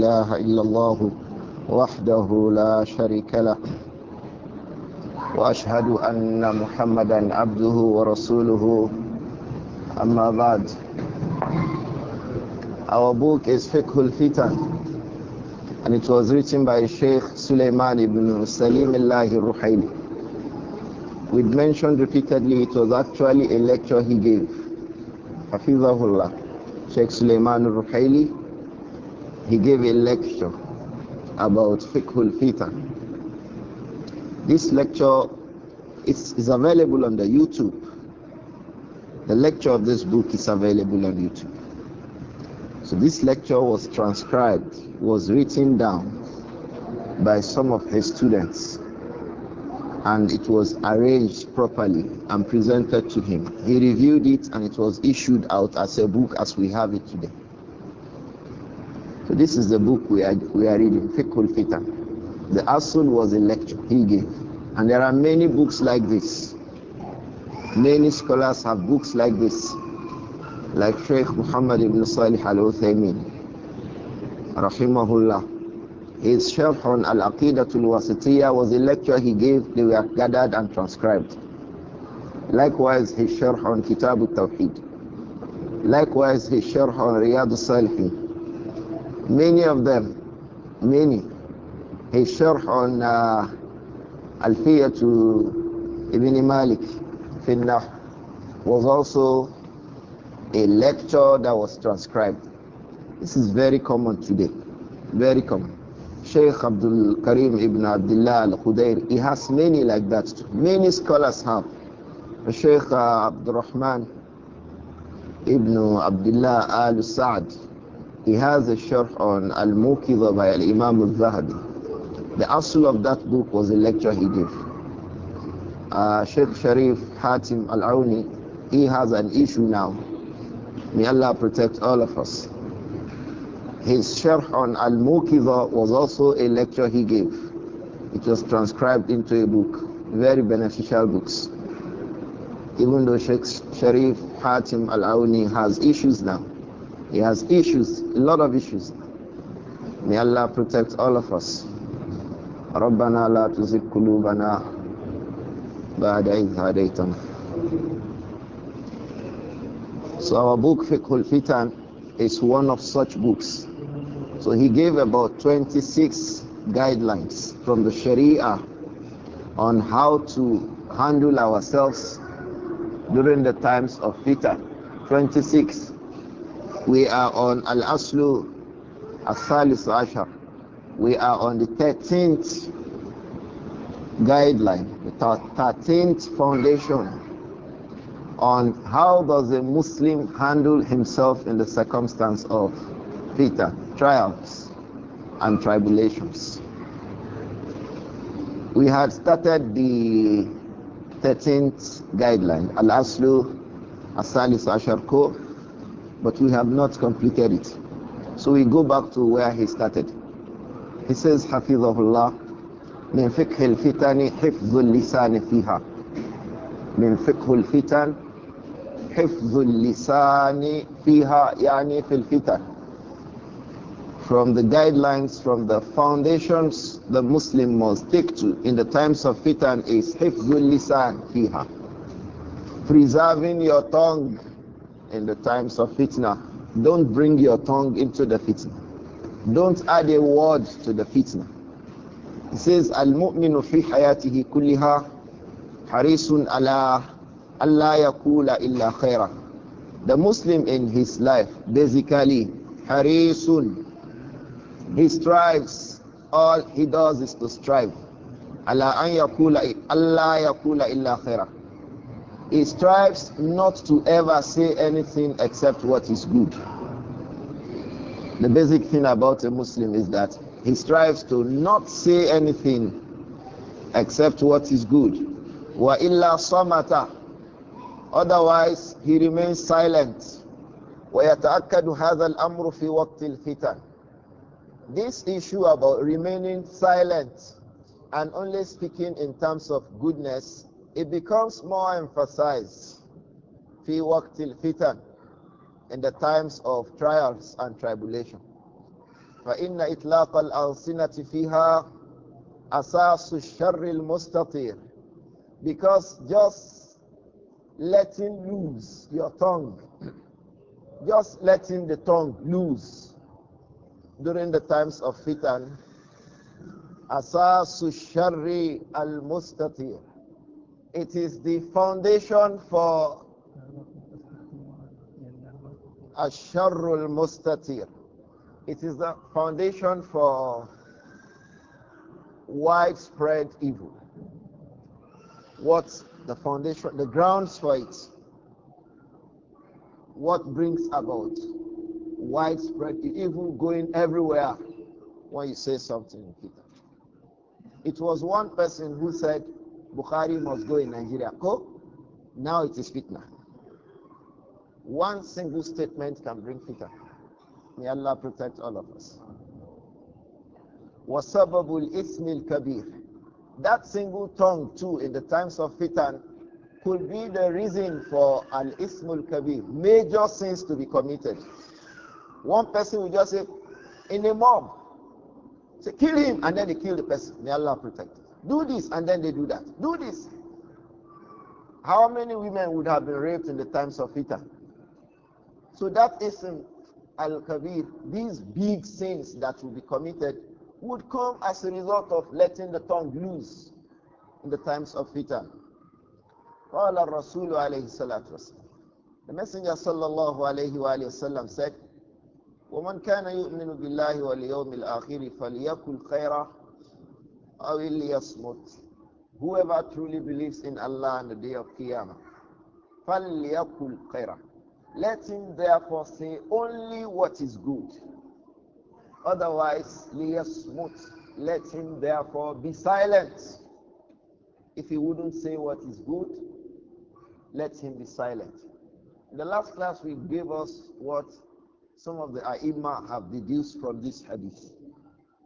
إله إلا الله وحده لا شريك له وأشهد أن محمدا عبده ورسوله أما بعد Our book is Fiqh al-Fitan and it was written by Sheikh Suleiman ibn Salim al ruhayli We mentioned repeatedly it was actually a lecture he gave. Hafizahullah, Sheikh Suleiman al ruhayli he gave a lecture about fiqhul fitan. This lecture is, is available on the YouTube. The lecture of this book is available on YouTube. So this lecture was transcribed, was written down by some of his students, and it was arranged properly and presented to him. He reviewed it and it was issued out as a book as we have it today. So this is the book we are, we are reading, Fiqhul Fitan. The Asul was a lecture he gave. And there are many books like this. Many scholars have books like this, like Sheikh Muhammad ibn Salih al Uthaymeen, Rahimahullah. His Sharh on Al Aqidatul Wasitiyah was a lecture he gave, they were gathered and transcribed. Likewise, his Sharh on Kitab al Tawheed. Likewise, his Sharh on Riyadh al Salihin. Many of them, many. His sharh on uh, Alfiya to Ibn Malik, Finnah, was also a lecture that was transcribed. This is very common today, very common. Sheikh Abdul Karim ibn Abdullah al Khudair, he has many like that too. Many scholars have. Sheikh uh, Abdul Rahman ibn Abdullah al sa he has a sharh on Al-Muqidha by al imam al-Zahabi. The asl of that book was a lecture he gave. Uh, Sheikh Sharif Hatim Al-Auni, he has an issue now. May Allah protect all of us. His sharh on Al-Muqidha was also a lecture he gave. It was transcribed into a book, very beneficial books. Even though Sheikh Sharif Hatim Al-Auni has issues now. He has issues, a lot of issues. May Allah protect all of us. ربنا لا تزغ قلوبنا بعد إذ هديتنا. So our book Fiqhul Fitan is one of such books. So he gave about 26 guidelines from the Sharia on how to handle ourselves during the times of fitan. 26. We are on Al Aslu Asali Salis We are on the 13th guideline, the 13th foundation on how does a Muslim handle himself in the circumstance of Peter, trials and tribulations. We had started the 13th guideline, Al Aslu Asalis Asharko, but we have not completed it. So we go back to where he started. He says, "Hafiz of Hafizahullah, من فقه الفتن حفظ اللسان فيها. من فقه الفتن حفظ lisan fiha." يعني في الفتن. From the guidelines, from the foundations the Muslim must stick to in the times of fitan is حفظ lisan fiha. Preserving your tongue in the times of fitna. Don't bring your tongue into the fitna. Don't add a word to the fitna. He says, Al-mu'minu fi hayatihi kulliha harisun ala Allah yakula illa khaira. The Muslim in his life, basically, harisun. He strives. All he does is to strive. Ala an yakula illa khaira he strives not to ever say anything except what is good. The basic thing about a Muslim is that he strives to not say anything except what is good. Wa illa samata. Otherwise, he remains silent. ويتأكد هذا الأمر في وقت الفتن. This issue about remaining silent and only speaking in terms of goodness it becomes more emphasized في وقت fitan in the times of trials and tribulation فإن إطلاق الألسنة فيها أساس الشر mustatir because just letting loose your tongue just letting the tongue loose during the times of fitan asasu sharri al mustatir it is the foundation for Asharul Mustatir. It is the foundation for widespread evil. What's the foundation, the grounds for it? What brings about widespread evil going everywhere when you say something, Peter? It was one person who said, Bukhari must go in Nigeria. Go. Now it is fitna. One single statement can bring fitna. May Allah protect all of us. وَسَبَبُ Ismil kabir. That single tongue too in the times of fitan could be the reason for al-ismul kabir, major sins to be committed. One person will just say, in a mob, say, kill him, and then they kill the person. May Allah protect. Do this, and then they do that. Do this. How many women would have been raped in the times of Peter? So that is al kabir these big sins that will be committed would come as a result of letting the tongue loose in the times of Peter. قال الرسول عليه الصلاة والسلام The Messenger صلى الله عليه وآله وسلم said ومن كان يؤمن بالله واليوم الآخر فليقل خيرا أَوْ Whoever truly believes in Allah on the day of Qiyamah, Let him therefore say only what is good. Otherwise, Let him therefore be silent. If he wouldn't say what is good, let him be silent. In the last class, we gave us what some of the ai am have deduced from this hadith.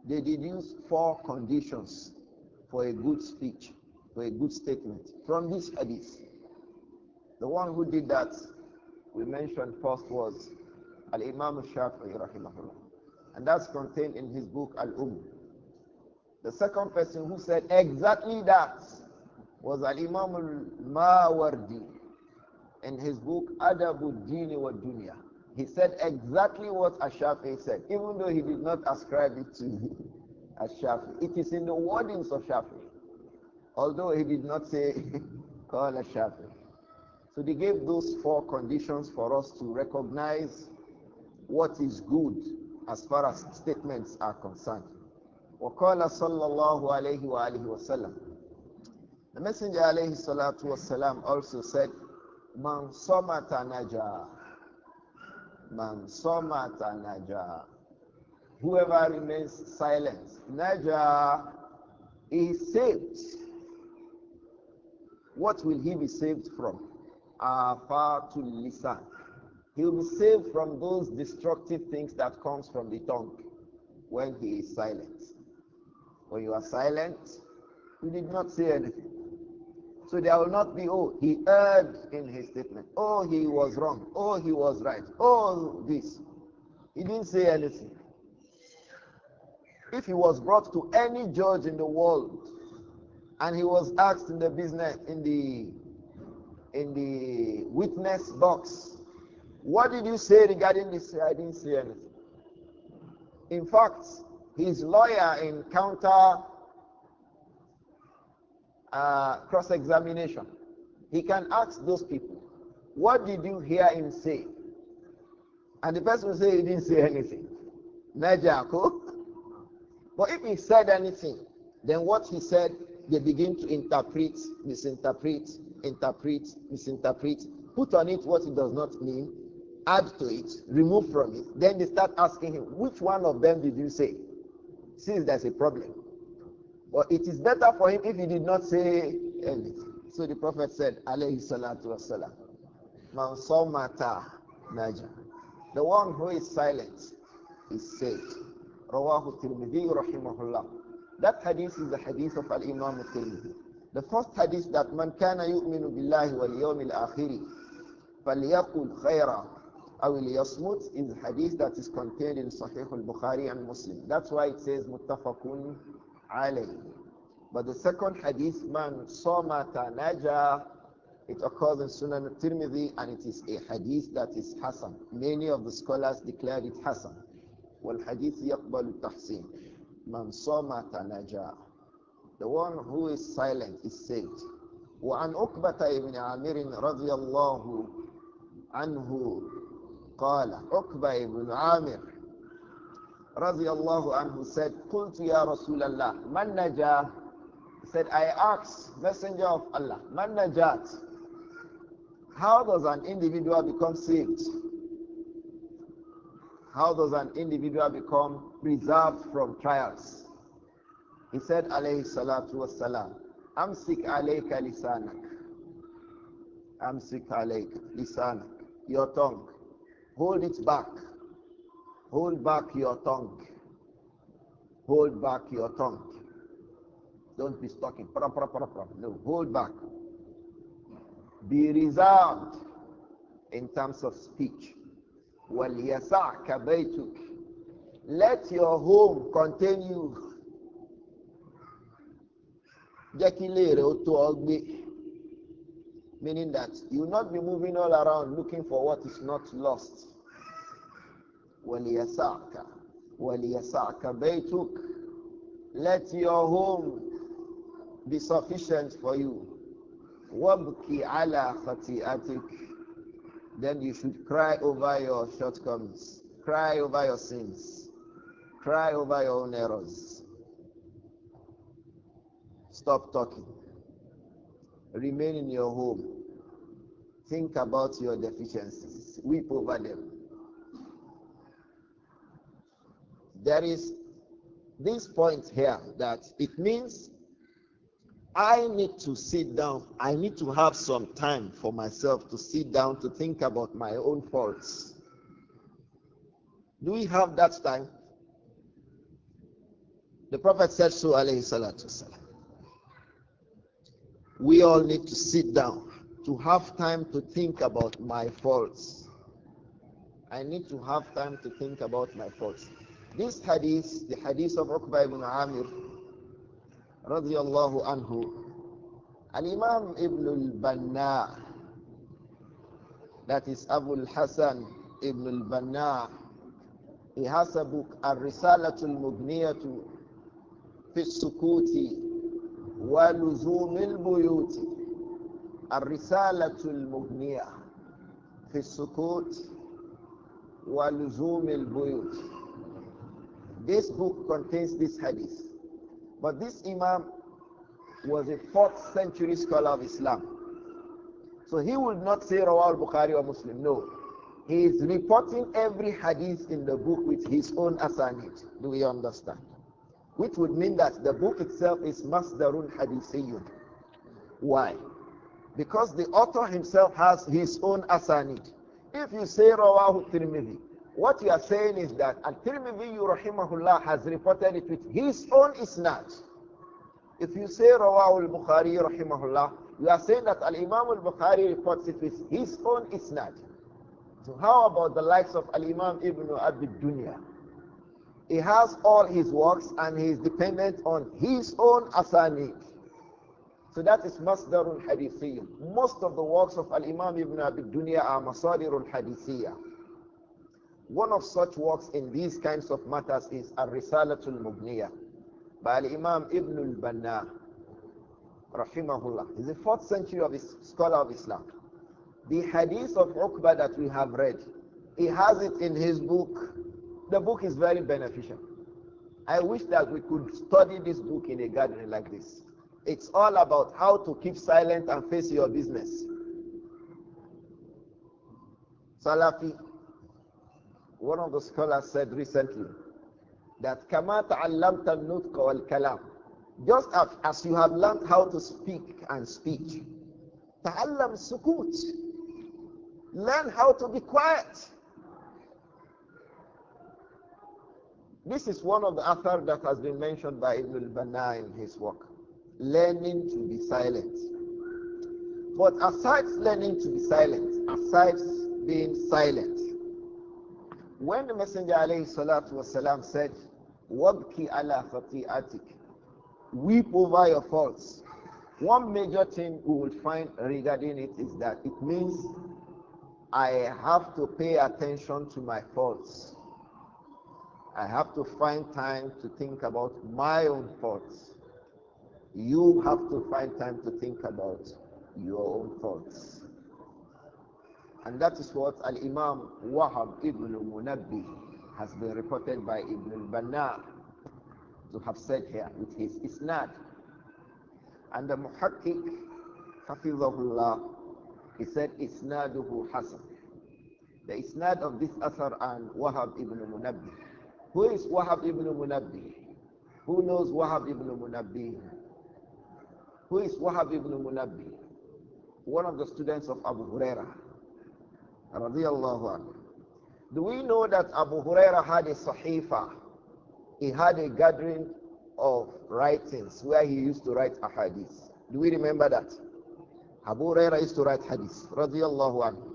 They deduce four conditions for a good speech, for a good statement from this hadith. The one who did that we mentioned first was Al Imam Shafi'i rahimahullah, and that's contained in his book Al Umm. The second person who said exactly that was Al Imam Al Mawardi in his book Adabu Dini wa Dunya. He said exactly what Ashafi said, even though he did not ascribe it to Ashafi. It is in the wordings of Shafi, although he did not say, call Ashafi. So they gave those four conditions for us to recognize what is good as far as statements are concerned. وقال صلى الله عليه وآله وسلم The Messenger عليه الصلاة والسلام also said, من صمت نجاه Man somata naja. Whoever remains silent, naja is saved. What will he be saved from? Far to listen. He will be saved from those destructive things that comes from the tongue when he is silent. When you are silent, you did not say anything. So there will not be, oh, he erred in his statement. Oh, he was wrong. Oh, he was right. Oh, this. He didn't say anything. If he was brought to any judge in the world and he was asked in the business, in the in the witness box, what did you say regarding this? I didn't say anything. In fact, his lawyer in counter uh, cross-examination. He can ask those people, what did you hear him say? And the person will say he didn't say anything. Najako. But if he said anything, then what he said, they begin to interpret, misinterpret, interpret, misinterpret, put on it what it does not mean, add to it, remove from it. Then they start asking him, which one of them did you say? Since there's a problem. But it is better for him if he did not say anything. So the Prophet said, alayhi salatu wasalam, naja. The one who is silent is saved. Rawahu Tirmidhi rahimahullah. That hadith is the hadith of Al-Imam Tirmidhi. The first hadith that man kana yu'minu billahi wal yawmil akhiri falyakul khayra aw liyasmut is hadith that is contained in Sahih al-Bukhari and Muslim. That's why it says muttafaqun but the second hadith, man somata naja, it occurs in Sunan Tirmidhi and it is a hadith that is Hassan. Many of the scholars declared it Hassan. والحديث يقبل التحسين من صام تنجا The one who is silent is saved. وعن عقبة بن عامر رضي الله عنه قال عقبة بن عامر radiallahu anhu said, Qultu ya Rasulallah, man najah? Said, I asked, Messenger of Allah, man najat? How does an individual become saved? How does an individual become preserved from trials? He said, alayhi salatu wassalam, amsik alayka lisanak. Amsik alayka lisanak. Your tongue. Hold it back. Hold back your tongue. Hold back your tongue. Don't be talking. No, hold back. Be reserved in terms of speech. Let your home contain you. Meaning that you will not be moving all around looking for what is not lost. وليسعك وليسعك بيتك let your home be sufficient for you وابكي على خطيئتك then you should cry over your shortcomings cry over your sins cry over your own errors stop talking remain in your home think about your deficiencies weep over them There is this point here that it means I need to sit down. I need to have some time for myself to sit down to think about my own faults. Do we have that time? The Prophet said so, alayhi salatu salam. We all need to sit down to have time to think about my faults. I need to have time to think about my faults. This hadith, the hadith of Uqba ibn Amir, radiallahu anhu, and Imam ibn al-Banna, that is Abu al-Hasan ibn al-Banna, he has a book, ar risalatul mubniyatu fi sukuti wa buyuti. al-buyuti. الرسالة المبنية في السكوت ولزوم البيوت This book contains this hadith. But this Imam was a 4th century scholar of Islam. So he would not say Rawal Bukhari or Muslim. No. He is reporting every hadith in the book with his own asanid. Do we understand? Which would mean that the book itself is Masdarun Hadithiyun. Why? Because the author himself has his own asanid. If you say Rawahu Tirmidhi, what you are saying is that Al-Tirmidhi rahimahullah has reported it with his own isnad. If you say al Bukhari rahimahullah, you are saying that Al-Imam al-Bukhari reports it with his own isnad. So how about the likes of Al-Imam Ibn Abi Dunya? He has all his works and he is dependent on his own asanid. So that is masdarul hadithiyya. Most of the works of Al-Imam Ibn Abi Dunya are masadirun hadithiyya. One of such works in these kinds of matters is Ar-Risalatul Mubniya by Imam Ibn al-Banna rahimahullah. He's the fourth century of his scholar of Islam. The hadith of Uqba that we have read, he has it in his book. The book is very beneficial. I wish that we could study this book in a gathering like this. It's all about how to keep silent and face your business. Salafi one of the scholars said recently that Kama ta'allamta nutqa wal kalam. Just as you have learned how to speak and speak, ta'allam sukut. Learn how to be quiet. This is one of the author that has been mentioned by Ibn al-Banna in his work. Learning to be silent. But aside learning to be silent, aside being silent, when the Messenger alayhi salatu wasalam said, Wabki ala fati'atik, weep over your faults. One major thing we will find regarding it is that it means I have to pay attention to my faults. I have to find time to think about my own faults. You have to find time to think about your own faults. And that is what Al Imam Wahab ibn Munabbi has been reported by Ibn Banna to have said here with his isnad. And the Muhakkik, Hafizahullah, he said isnaduhu Hasan. The isnad of this asar and Wahab ibn Munabbi. Who is Wahab ibn Munabbi? Who knows Wahab ibn Munabbi? Who is Wahab ibn Munabbi? One of the students of Abu Hurairah. Do we know that Abu Huraira had a sahifa? He had a gathering of writings where he used to write a hadith. Do we remember that? Abu Huraira used to write hadith. Radiallahu anhu.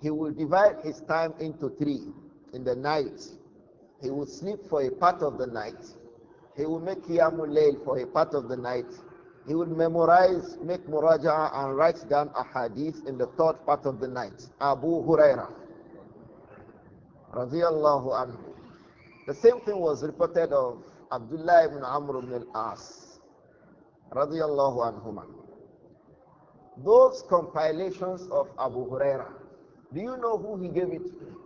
He will divide his time into three. In the night, he will sleep for a part of the night. He will make Qiyamul Layl for a part of the night he would memorize, make muraja, and write down a hadith in the third part of the night. Abu Huraira. Radiallahu anhu. The same thing was reported of Abdullah ibn Amr ibn al-As. Radiallahu Those compilations of Abu Huraira, do you know who he gave it to?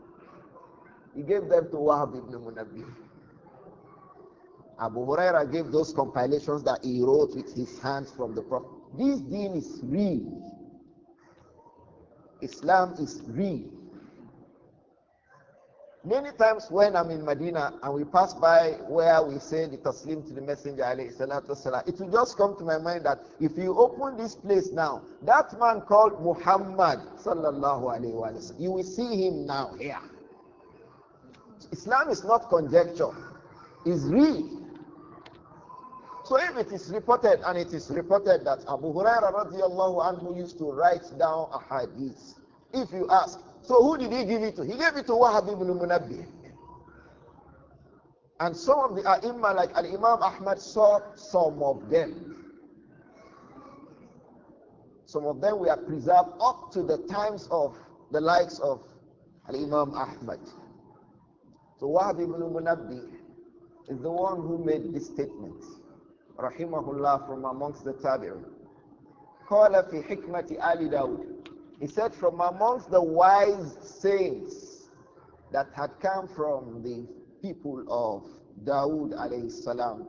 He gave them to Wahab ibn Munabbih. Abu Huraira gave those compilations that he wrote with his hands from the Prophet. This deen is real. Islam is real. Many times when I'm in Medina and we pass by where we say the Taslim to the Messenger, it will just come to my mind that if you open this place now, that man called Muhammad, you will see him now here. Islam is not conjecture, it's real. So if it is reported, and it is reported that Abu Hurairah radiallahu anhu used to write down a hadith, if you ask, so who did he give it to? He gave it to Wahab ibn Munabbih. And some of the ai like Al-Imam Ahmad, saw some of them. Some of them were preserved up to the times of the likes of Al-Imam Ahmad. So Wahab ibn Munabbih is the one who made this statement rahimahullah, from amongst the tabi'un. قال fi hikmati آل داود. He said from amongst the wise sayings that had come from the people of Dawood alayhi salam.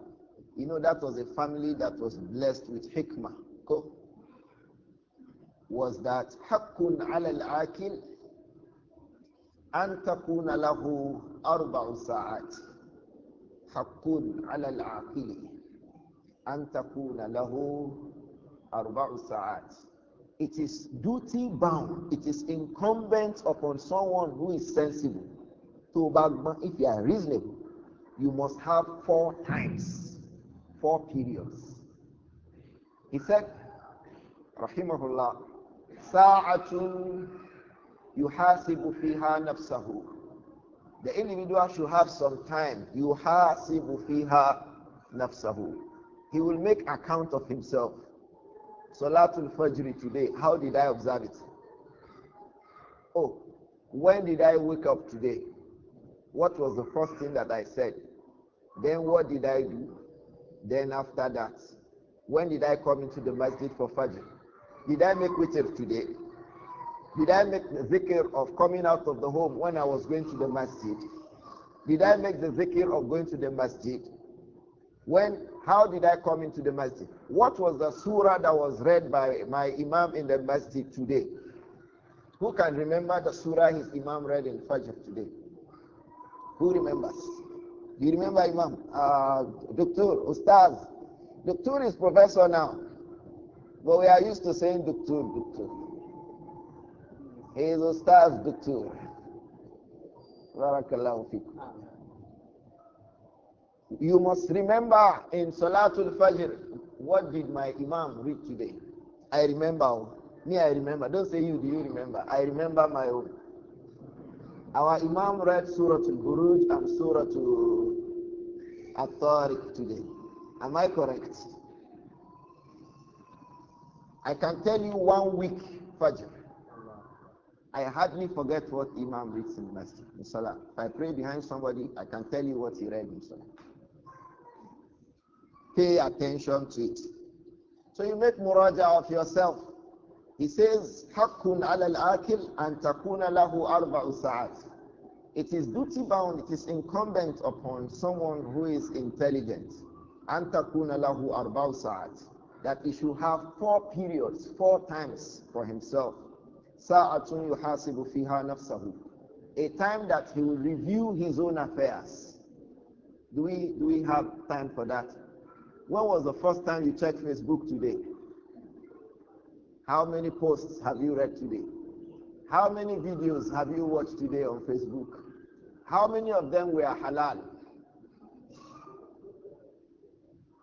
You know that was a family that was blessed with hikmah. Was that حق على العاقل أن تكون له sa'at. ساعات ala al العاقل أن تكون له أربع ساعات it is duty bound it is incumbent upon someone who is sensible to bagman if you are reasonable you must have four times four periods he said rahimahullah sa'atun yuhasibu fiha nafsahu the individual should have some time yuhasibu fiha nafsahu he will make account of himself. Salatul Fajr today, how did I observe it? Oh, when did I wake up today? What was the first thing that I said? Then what did I do? Then after that, when did I come into the masjid for Fajr? Did I make witr today? Did I make the zikr of coming out of the home when I was going to the masjid? Did I make the zikr of going to the masjid? When, how did I come into the masjid? What was the surah that was read by my imam in the masjid today? Who can remember the surah his imam read in Fajr today? Who remembers? Do you remember imam? Uh, Doctor, Ustaz. Doctor is professor now. But we are used to saying Doctor, Doctor. He is Ustaz Doctor. Barakallahu fikum. You must remember in Salatul Fajr, what did my Imam read today? I remember. Oh. Me, I remember. Don't say you, do you remember? I remember my own. Our Imam read Surah Al-Buruj and Surah Al-Tariq today. Am I correct? I can tell you one week Fajr. I hardly forget what Imam reads in Masjid, in Salah. If I pray behind somebody, I can tell you what he read in Salah. Pay attention to it. So you make muraja of yourself. He says, Hakun al akil and takuna lahu arba'u sa'at. It is duty bound, it is incumbent upon someone who is intelligent. antakun takuna lahu arba'u That he should have four periods, four times for himself. Sa'atun yuhasibu fiha nafsahu. A time that he will review his own affairs. Do we, do we have time for that? When was the first time you checked Facebook today? How many posts have you read today? How many videos have you watched today on Facebook? How many of them were halal?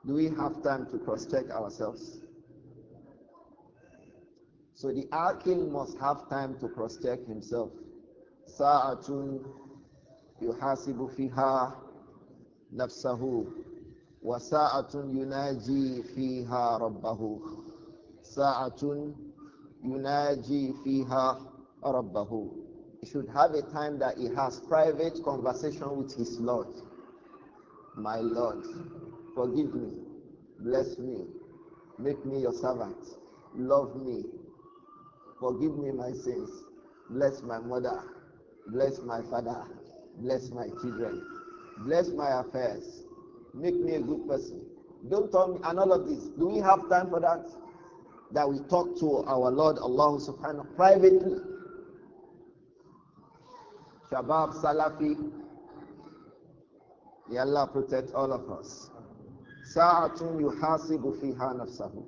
Do we have time to cross check ourselves? So the akil must have time to cross check himself. Sa'atun yuhasibu fiha nafsahu وساعة يناجي فيها ربه ساعة يناجي فيها ربه He should have a time that he has private conversation with his Lord. My Lord, forgive me, bless me, make me your servant, love me, forgive me my sins, bless my mother, bless my father, bless my children, bless my affairs, Make me a good person. Don't tell me, and all of this. Do we have time for that? That we talk to our Lord Allah subhanahu privately. Shabab Salafi. Ya Allah protect all of us. Sa'atun yuhasibu fiha nafsahu.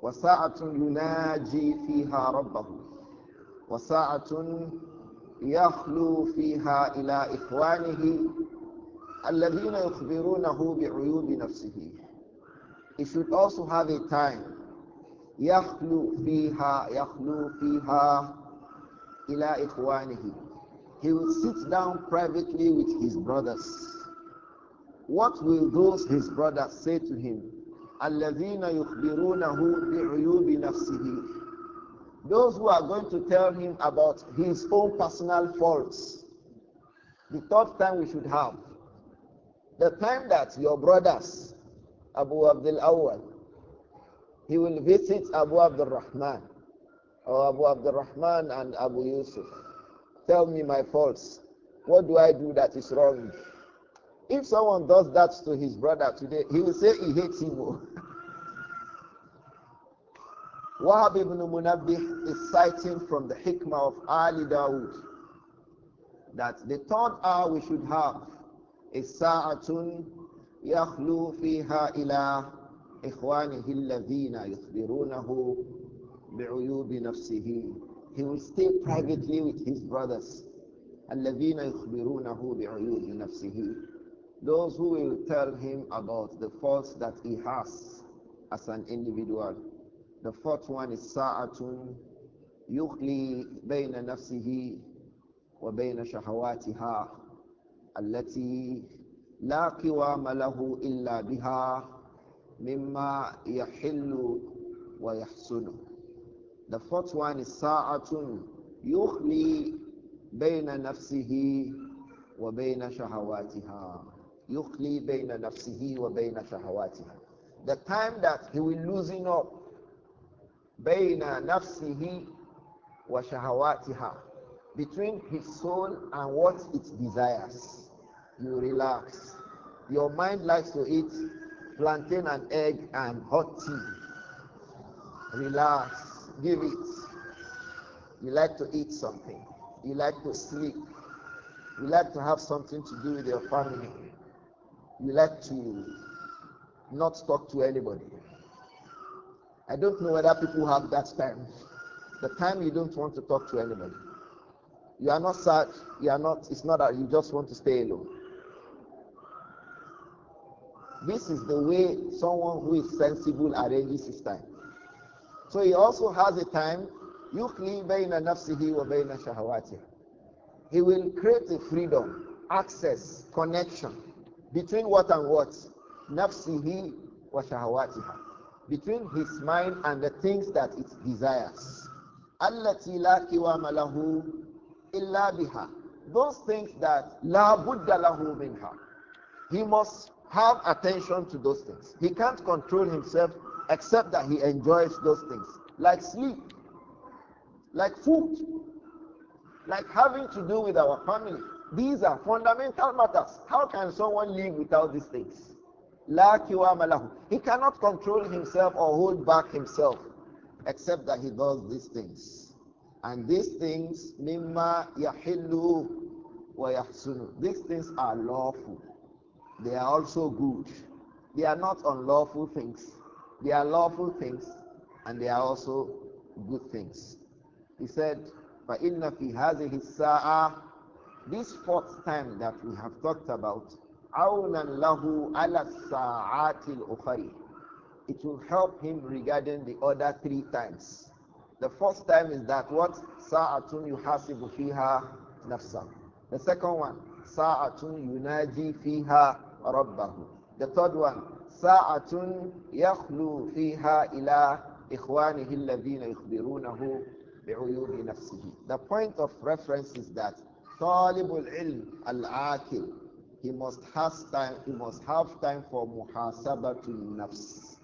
وساعة يناجي فيها ربه وساعة يخلو فيها إلى إخوانه الَّذِينَ يُخْبِرُونَهُ بِعُيُوبِ نَفْسِهِ He should also have a time يخلو فيها يخلو فيها إلى إخوانه He will sit down privately with his brothers. What will those his brothers say to him? الذين يخبرونه بعيوب نفسه Those who are going to tell him about his own personal faults. The third time we should have the time that your brothers, Abu Abdul Awwal, he will visit Abu Abdul Rahman, or Abu Abdul Rahman and Abu Yusuf. Tell me my faults. What do I do that is wrong? If someone does that to his brother today, he will say he hates him. Wahab ibn Munabbih is citing from the hikmah of Ali Dawood that the third hour we should have الساعة يخلو فيها إلى إخوانه الذين يخبرونه بعيوب نفسه he will stay privately with his brothers الذين يخبرونه بعيوب نفسه those who will tell him about the faults that he has as an individual the fourth one is ساعة يخلي بين نفسه وبين شهواتها التي لا قوام له إلا بها مما يحل ويحسن The fourth one is ساعة يخلي بين نفسه وبين شهواتها يخلي بين نفسه وبين شهواتها The time that he will loosen up بين نفسه وشهواتها between his soul and what it desires. You relax. Your mind likes to eat plantain and egg and hot tea. Relax. Give it. You like to eat something. You like to sleep. You like to have something to do with your family. You like to not talk to anybody. I don't know whether people have that time. The time you don't want to talk to anybody. You are not such, you are not, it's not that you just want to stay alone. This is the way someone who is sensible arranges his time. So he also has a time, يُخْلِي بَيْنَ He will create a freedom, access, connection between what and what? wa وَشَهَوَاتِهَا Between his mind and the things that it desires illa biha. Those things that la buddha lahu minha. He must have attention to those things. He can't control himself except that he enjoys those things, like sleep, like food, like having to do with our family. These are fundamental matters. How can someone live without these things? La malahu. He cannot control himself or hold back himself except that he does these things. And these things, mimma yahillu wa yahsunu. These things are lawful. They are also good. They are not unlawful things. They are lawful things and they are also good things. He said, فَإِنَّ فِي هَذِهِ السَّاعَةِ This fourth time that we have talked about, عَوْنًا لَهُ عَلَى السَّاعَاتِ الْأُخَرِ It will help him regarding the other three times. The first time is that what? Sa'atun yuhasibu fiha nafsa. The second one, Sa'atun yunaji fiha rabbahu. The third one, Sa'atun yakhlu fiha ila ikhwanihi alladhina yukhbirunahu bi'uyubi nafsihi. The point of reference is that Talibul ilm al-akil. He must has time, he must have time for to nafs.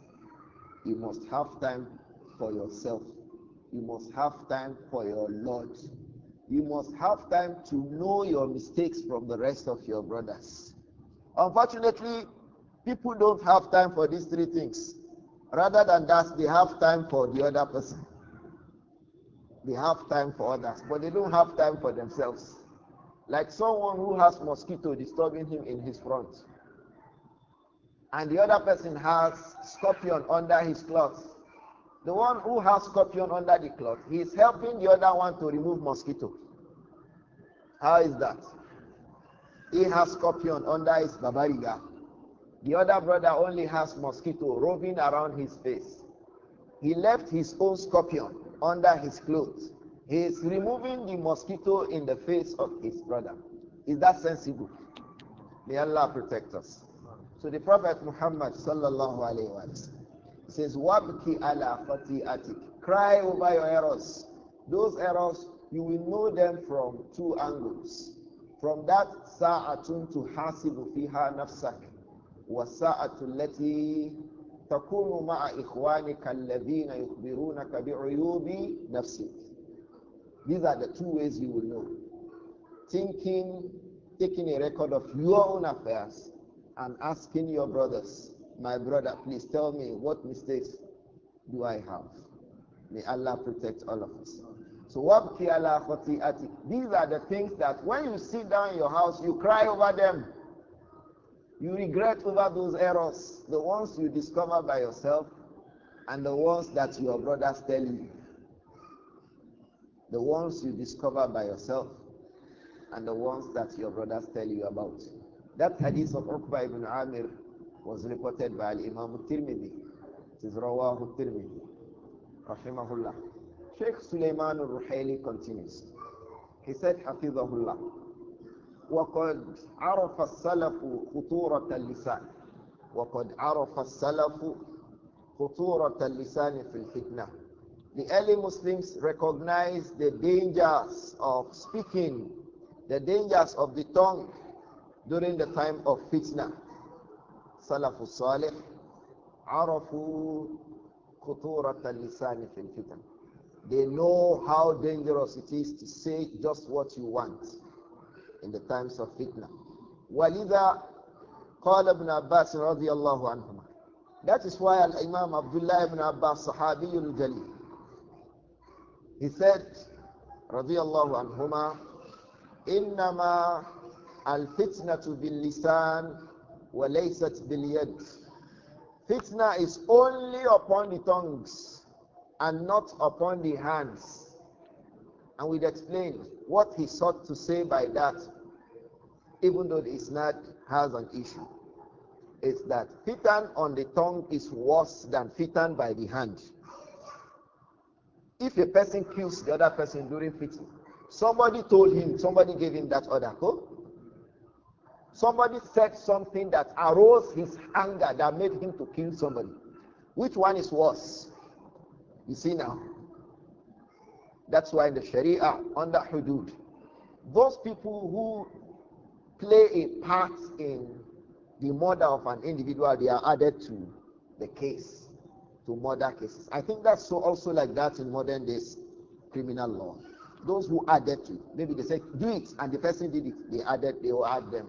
he must have time for yourself. You must have time for your Lord. You must have time to know your mistakes from the rest of your brothers. Unfortunately, people don't have time for these three things. Rather than that, they have time for the other person. They have time for others, but they don't have time for themselves. Like someone who has mosquito disturbing him in his front, and the other person has scorpion under his clothes the one who has scorpion under the cloth, he is helping the other one to remove mosquito. How is that? He has scorpion under his babariga. The other brother only has mosquito roving around his face. He left his own scorpion under his clothes. He is removing the mosquito in the face of his brother. Is that sensible? May Allah protect us. So the Prophet Muhammad sallallahu alaihi wasallam says, Wabki ala khati'atik. Cry over your errors. Those errors, you will know them from two angles. From that, sa'atun to hasibu fiha nafsak. Wa sa'atun lati takunu ma'a ikhwanika alladhina yukhbirunaka bi'uyubi nafsik. These are the two ways you will know. Thinking, taking a record of your own affairs, and asking your brothers my brother, please tell me what mistakes do I have? May Allah protect all of us. So what? These are the things that when you sit down in your house, you cry over them. You regret over those errors, the ones you discover by yourself and the ones that your brothers tell you. The ones you discover by yourself and the ones that your brothers tell you about. That hadith of Uqba ibn Amir was reported by Imam Tirmidhi. It is Rawahu Tirmidhi. Rahimahullah. Sheikh Suleiman al-Ruhaili continues. He said, Hafizahullah. وقد عرف السلف خطورة اللسان وقد عرف السلف خطورة اللسان في الفتنة The early Muslims recognized the dangers of speaking, the dangers of the tongue during the time of fitna. السلف الصالح عرفوا خطورة اللسان في الفتن They know how dangerous it is to say just what you want in the times of fitna. ولذا قال ابن عباس رضي الله عنهما That is why Al-Imam Abdullah ibn Abbas, Sahabi al-Jalil, he said, رضي الله عنهما, إنما الفتنة باللسان وَلَيْسَتْ بِالْيَدِ Fitna is only upon the tongues and not upon the hands. And we'd explain what he sought to say by that, even though it's not has an issue. It's that fitan on the tongue is worse than fitan by the hand. If a person kills the other person during fitna, somebody told him, somebody gave him that order, go, Somebody said something that aroused his anger that made him to kill somebody. Which one is worse? You see now. That's why in the Sharia, under Hudud, those people who play a part in the murder of an individual, they are added to the case, to murder cases. I think that's so also like that in modern days criminal law. Those who added to, maybe they said do it, and the person did it, they added, they will add them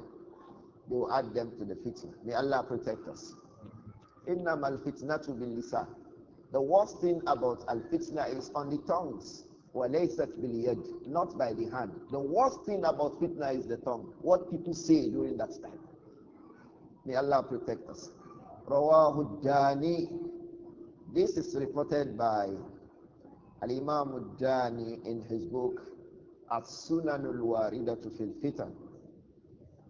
they will add them to the fitna. May Allah protect us. Inna al fitnatu bil The worst thing about al fitna is on the tongues. وَلَيْسَتْ بِالْيَدِ Not by the hand. The worst thing about fitna is the tongue. What people say during that time. May Allah protect us. Rawahu Jani. This is reported by Al-Imam Jani in his book As-Sunanul Waridatu Fil Fitan.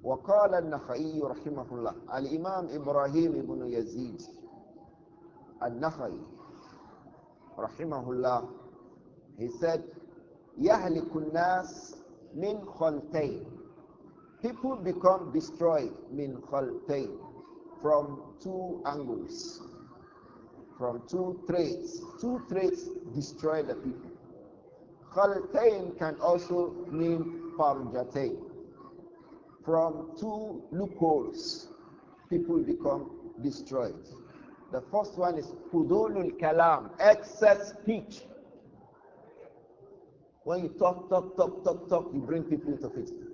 وقال النخعي رحمه الله الإمام إبراهيم بن يزيد النخعي رحمه الله he said يهلك الناس من خلتين people become destroyed من خلتين from two angles from two traits two traits destroy the people خلتين can also mean فرجتين From two loopholes, people become destroyed. The first one is Fudulul Kalam, excess speech. When you talk, talk, talk, talk, talk, you bring people into fitna.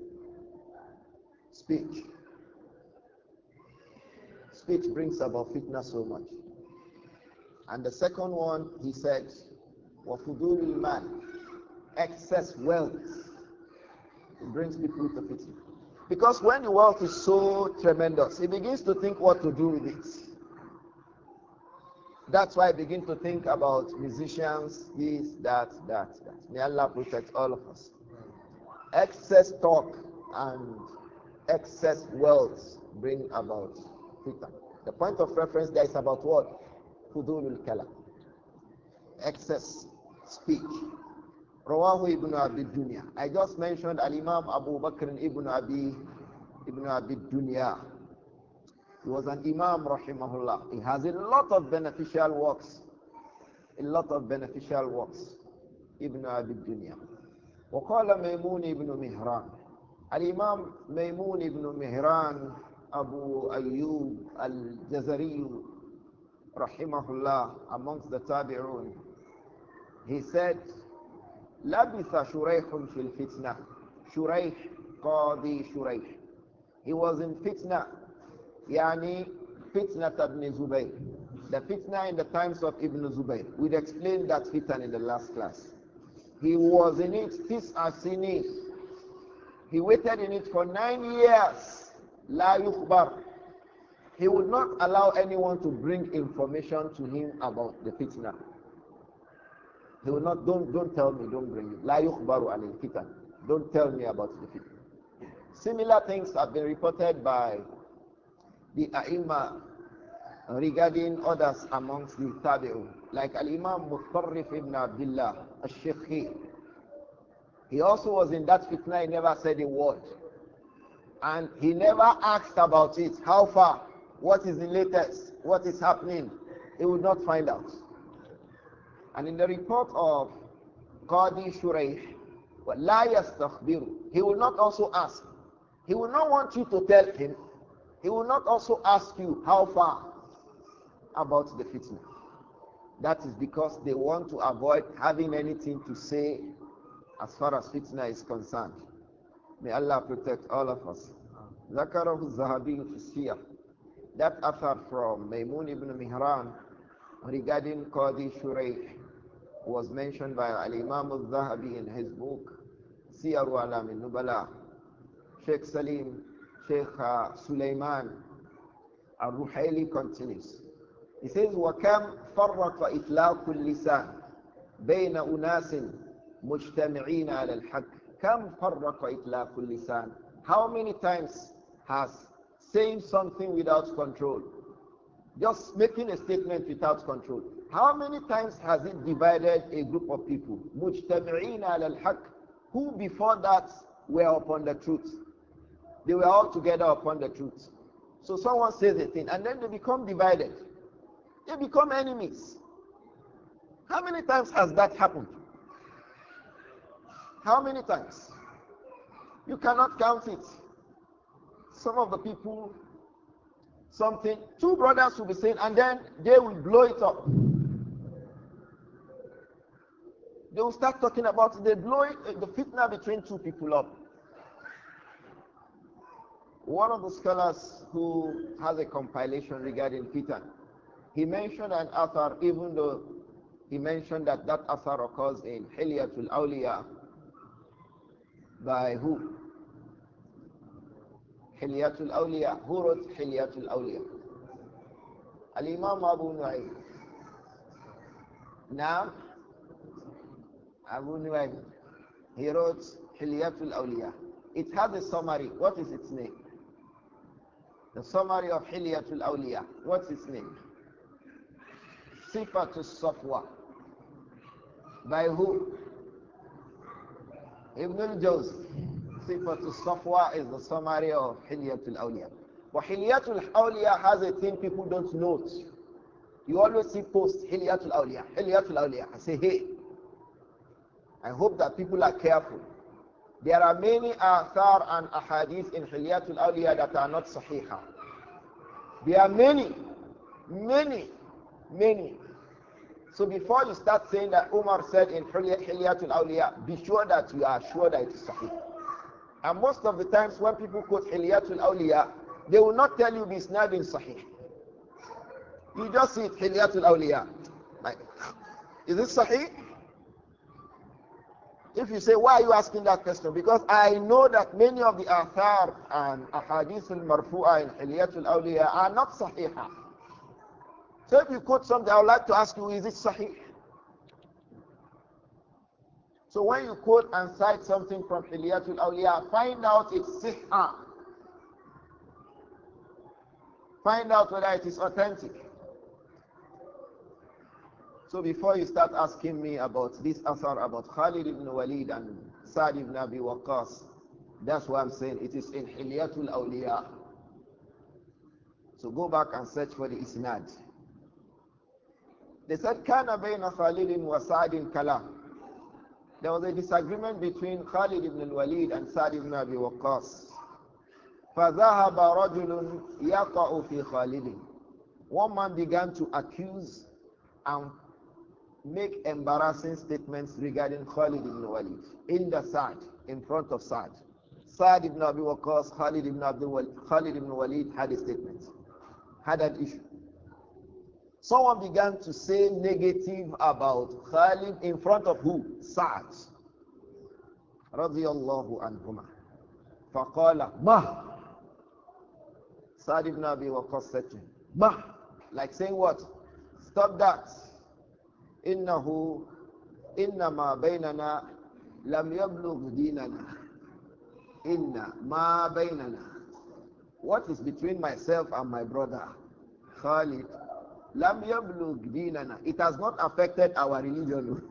Speech. Speech brings about fitness so much. And the second one, he said, Wafudulul Man, excess wealth. It brings people into fitness. Because when the wealth is so tremendous, he begins to think what to do with it. That's why I begin to think about musicians, this, that, that, that. May Allah protect all of us. Excess talk and excess wealth bring about fitna. The point of reference there is about what? Fudulul kalam. Excess speech Rawahu ibn Abi Dunya. I just mentioned Al-Imam Abu Bakr ibn Abi, ibn Abi Dunya. He was an Imam, rahimahullah. He has a lot of beneficial works. A lot of beneficial works. Ibn Abi Dunya. وقال ميمون ibn مهران الإمام ميمون ibn مهران Abu Ayyub al-Jazari rahimahullah amongst the Tabi'un he said لبث شريح في الفتنة شريح قاضي شريح he was in fitna يعني fitna Ibn زبير the fitna in the times of Ibn Zubayr. we explained that fitna in the last class. He was in it, tis asini. He waited in it for nine years. La yukhbar. He would not allow anyone to bring information to him about the fitna. He will not, don't, don't tell me, don't bring it. La yukhbaru anil fitan. Don't tell me about the fitan. Similar things have been reported by the ai regarding others amongst the Tabi'un, like Al-Imam Mutarrif ibn Abdullah, al-Shikhi. He also was in that fitna, he never said a word. And he never asked about it. How far? What is the latest? What is happening? He would not find out. And in the report of Qadi Shuraih, He will not also ask. He will not want you to tell him. He will not also ask you how far about the fitna. That is because they want to avoid having anything to say as far as fitna is concerned. May Allah protect all of us. ذكره الذهبي في That author from Maymun ibn Mihran regarding Qadi Shuraih was mentioned by Al-Imam al-Zahabi in his book Siyar Alam al-Nubala Sheikh Salim Sheikh uh, Sulaiman Al-Ruhaili continues he says وَكَمْ فَرَّقَ إِطْلَاقُ اللِّسَانِ بَيْنَ أُنَاسٍ مُجْتَمِعِينَ عَلَى الْحَقِّ كَمْ فَرَّقَ إِطْلَاقُ اللِّسَانِ how many times has saying something without control just making a statement without control. How many times has it divided a group of people? مُجْتَمِعِينَ al-Haq, Who before that were upon the truth. They were all together upon the truth. So someone says a thing, and then they become divided. They become enemies. How many times has that happened? How many times? You cannot count it. Some of the people something, two brothers will be saying, and then they will blow it up. They will start talking about they blow it, eh, the fitna between two people up. One of the scholars who has a compilation regarding fitnah, he mentioned an author, even though he mentioned that that author occurs in Hilyatul Awliya by who? حلية الأولياء هورت حلية الأولياء الإمام أبو نعيم نعم أبو نعيم He wrote Hilyatul الأولياء It has a summary. What is its name? The summary of Hilyatul الأولياء What's its name? صفة الصفوة By who? Ibn al-Jawzi. to Safwa is the summary of Hilyatul Awliya. But Hilyatul Awliya has a thing people don't note. You always see posts, Hilyatul Awliya, Hilyatul Awliya. I say, hey, I hope that people are careful. There are many athar and ahadith in Hilyatul Awliya that are not sahiha. There are many, many, many. So before you start saying that Umar said in Hilyatul Awliya, be sure that you are sure that it is sahih. And most of the times when people quote Hilyatul Awliya, they will not tell you Bisnad in Sahih. You just see Hilyatul Awliya. Like, is this Sahih? If you say, why are you asking that question? Because I know that many of the athar and ahadith al-marfu'a in Hilyatul Awliya are not sahih. So if you quote something, I would like to ask you, is it Sahih? So when you quote and cite something from Hilyatul Awliya, find out its sihha. Find out whether it is authentic. So before you start asking me about this asar about Khalid ibn Walid and Sa'd ibn Abi Waqqas, that's why I'm saying it is in Hilyatul Awliya. So go back and search for the isnad. They said, كان بين خالد in kala." There was a disagreement between Khalid ibn al-Walid and Sa'd ibn Abi Waqqas. فَذَهَبَ رَجُلٌ يَقَعُ فِي خَالِدٍ One man began to accuse and make embarrassing statements regarding Khalid ibn Walid in the Sa'd, in front of Sa'd. Sa'd ibn Abi Waqqas, Khalid ibn, Abdul Walid, Khalid ibn Walid had a statement, had an issue. Someone began to say negative about Khalid in front of who? Sa'ad. رضي الله عنهما فقال ما Sa'ad ibn Abi Waqqas said to him ما like saying what stop that إنه إنما بيننا لم يبلغ ديننا إن ما بيننا what is between myself and my brother Khalid it has not affected our religion.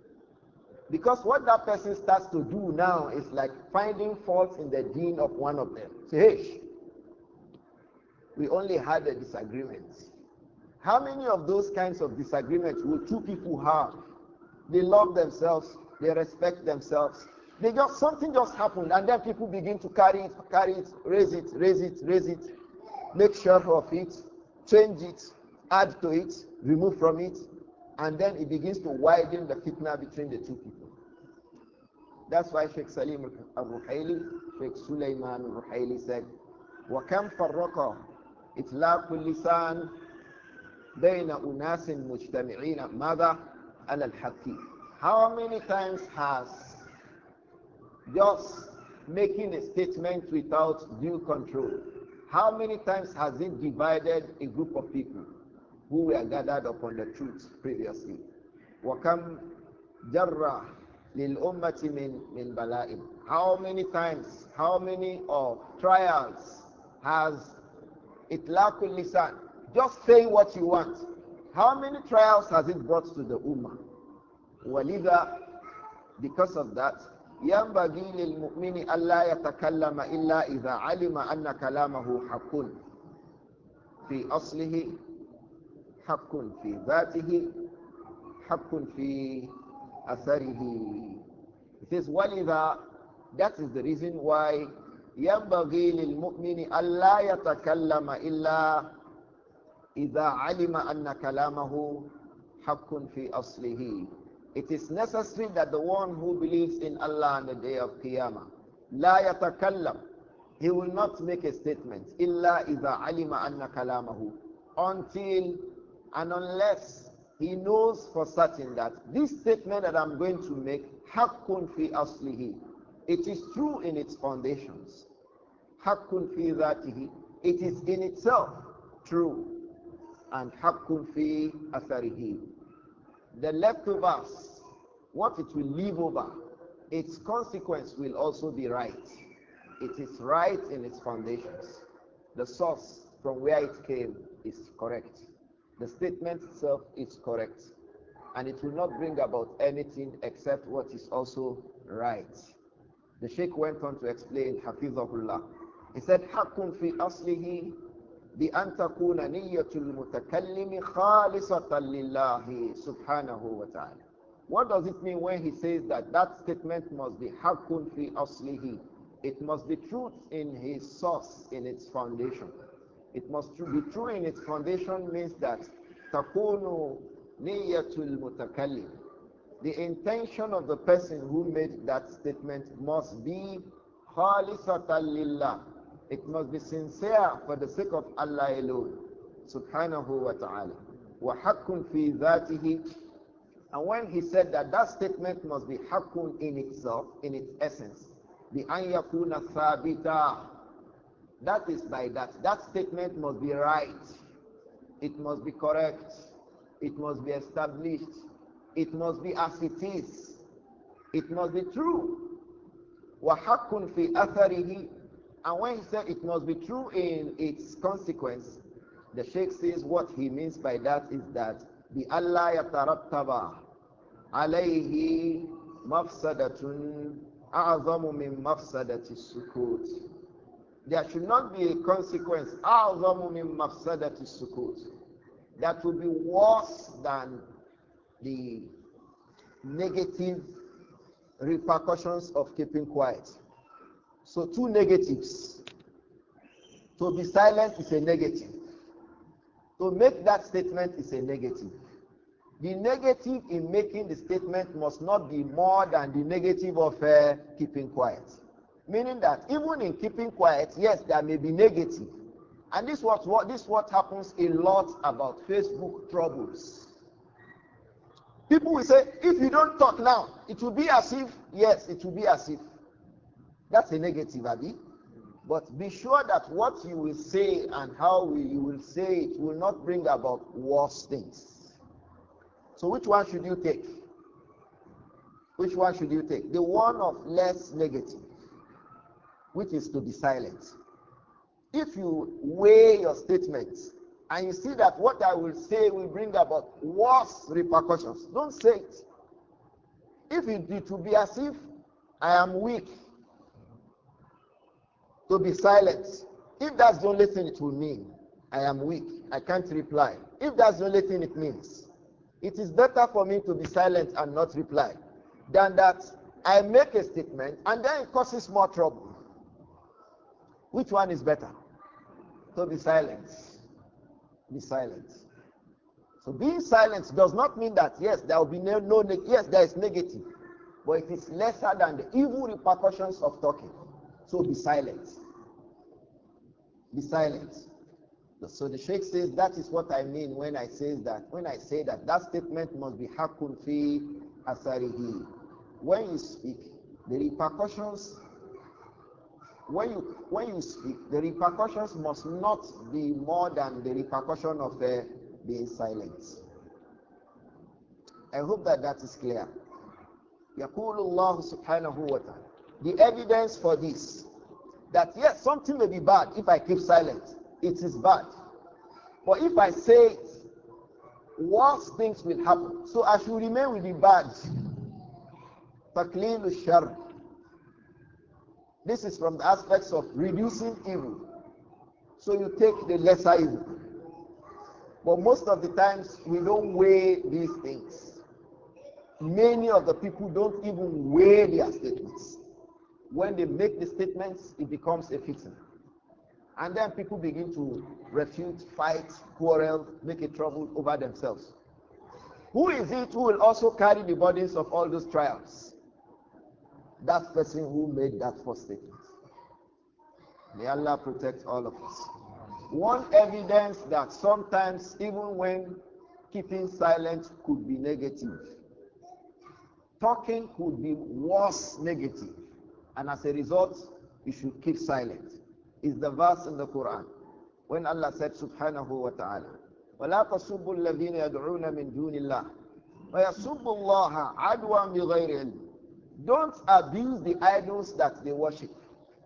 because what that person starts to do now is like finding faults in the deen of one of them. Say, hey, we only had a disagreement. How many of those kinds of disagreements will two people have? They love themselves, they respect themselves. They just something just happened, and then people begin to carry it, carry it, raise it, raise it, raise it, make sure of it, change it, add to it, remove from it, and then it begins to widen the fitna between the two people. That's why Sheikh Salim al-Ruhaili, Sheikh Sulaiman al-Ruhaili said, وَكَمْ فَرَّقَ إِطْلَاقُ اللِّسَانِ بَيْنَ أُنَاسٍ مُجْتَمِعِينَ مَاذَا عَلَى الْحَقِّ How many times has just making a statement without due control, how many times has it divided a group of people? who were gathered upon the truth previously. وَكَمْ جَرَّ لِلْأُمَّةِ مِنْ, مِنْ بَلَائِمْ How many times, how many of trials has itlaqul lisan, just say what you want, how many trials has it brought to the ummah? وَلِذَا Because of that, ينبغي للمؤمن ألا يتكلم إلا إذا علم أن كلامه حق في أصله حق في ذاته حق في أثره It says ولذا That is the reason why ينبغي للمؤمن ألا يتكلم إلا إذا علم أن كلامه حق في أصله It is necessary that the one who believes in Allah on the day of Qiyamah لا يتكلم He will not make a statement إلا إذا علم أن كلامه until and unless he knows for certain that this statement that I'm going to make, hakun fi aslihi, it is true in its foundations. Hakun fi that it is in itself true. And hakun fi atharihi. The leftovers, what it will leave over, its consequence will also be right. It is right in its foundations. The source from where it came is correct the statement itself is correct and it will not bring about anything except what is also right. The Sheikh went on to explain Hafizahullah. He said, fi aslihi bi بأن nīyatul نية المتكلم خالصة subhanahu wa ta'ala. What does it mean when he says that that statement must be ḥakun fi aslihi? It must be truth in his source, in its foundation. It must be true in its foundation means that takunu niyatul mutakallim. The intention of the person who made that statement must be khalisatan lillah. It must be sincere for the sake of Allah alone, subhanahu wa ta'ala. Wa hakun fi dhatihi. And when he said that, that statement must be hakun in itself, in its essence. Bi an yakuna thabita that is by that. That statement must be right. It must be correct. It must be established. It must be as it is. It must be true. وَحَقٌ فِي أَثَرِهِ And when he said it must be true in its consequence, the Sheikh says what he means by that is that بِأَلَّا يَتَرَتَّبَ عَلَيْهِ مَفْسَدَةٌ أَعْظَمُ مِنْ مَفْسَدَةِ السُّكُوتِ there should not be a consequence that will be worse than the negative repercussions of keeping quiet. So, two negatives. To be silent is a negative. To make that statement is a negative. The negative in making the statement must not be more than the negative of uh, keeping quiet. Meaning that even in keeping quiet, yes, there may be negative. And this was what this what happens a lot about Facebook troubles. People will say, if you don't talk now, it will be as if, yes, it will be as if. That's a negative, Abby. But be sure that what you will say and how you will say it will not bring about worse things. So, which one should you take? Which one should you take? The one of less negative which is to be silent. If you weigh your statements and you see that what I will say will bring about worse repercussions, don't say it. If it, it will be as if I am weak, to be silent. If that's the only thing it will mean, I am weak, I can't reply. If that's the only thing it means, it is better for me to be silent and not reply than that I make a statement and then it causes more trouble. Which one is better? So be silent. Be silent. So being silent does not mean that yes, there will be no, no yes, there is negative, but it is lesser than the evil repercussions of talking. So be silent. Be silent. So the Sheikh says that is what I mean when I say that when I say that that statement must be hakun fi asarihi. When you speak, the repercussions when you when you speak, the repercussions must not be more than the repercussion of uh, being silent. I hope that that is clear. يقول الله The evidence for this that yes, something may be bad if I keep silent. It is bad. But if I say it, worse things will happen. So I should remain with the bad. This is from the aspects of reducing evil. So you take the lesser evil. But most of the times, we don't weigh these things. Many of the people don't even weigh their statements. When they make the statements, it becomes a fixing. And then people begin to refute, fight, quarrel, make a trouble over themselves. Who is it who will also carry the burdens of all those trials? that person who made that first statement. May Allah protect all of us. One evidence that sometimes, even when keeping silent could be negative, talking could be worse negative, and as a result, you should keep silent, is the verse in the Quran. When Allah said, Subhanahu wa ta'ala, وَلَا تَصُبُّوا الَّذِينَ يَدْعُونَ مِن دُونِ اللَّهِ وَيَصُبُّوا اللَّهَ عَدْوًا بِغَيْرِ عِلْمٍ don't abuse the idols that they worship.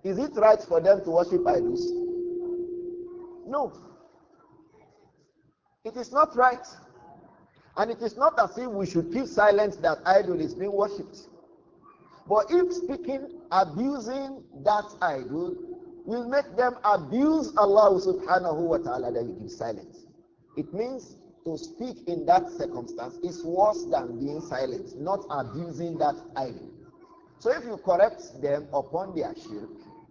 Is it right for them to worship idols? No. It is not right. And it is not as if we should keep silent that idol is being worshipped. But if speaking, abusing that idol will make them abuse Allah subhanahu wa ta'ala, then we keep silence. It means to speak in that circumstance is worse than being silent, not abusing that idol. So if you correct them upon their shirk,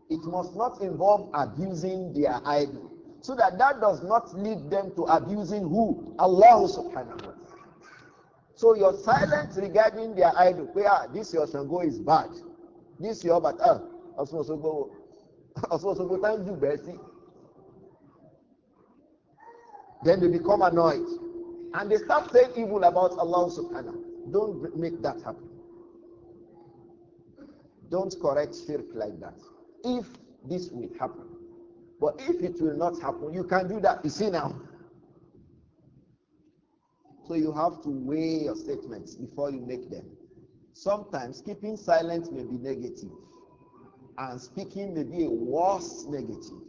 it must not involve abusing their idol. So that that does not lead them to abusing who? Allah subhanahu wa ta'ala. So your silence regarding their idol, where ah, this your Shango is bad, this your but uh, also go, also go, thank you, Bessie. Then they become annoyed and they start saying evil about Allah subhanahu. Don't make that happen. Don't correct shirk like that. If this will happen. But if it will not happen, you can do that. You see now. So you have to weigh your statements before you make them. Sometimes keeping silent may be negative, and speaking may be a worse negative.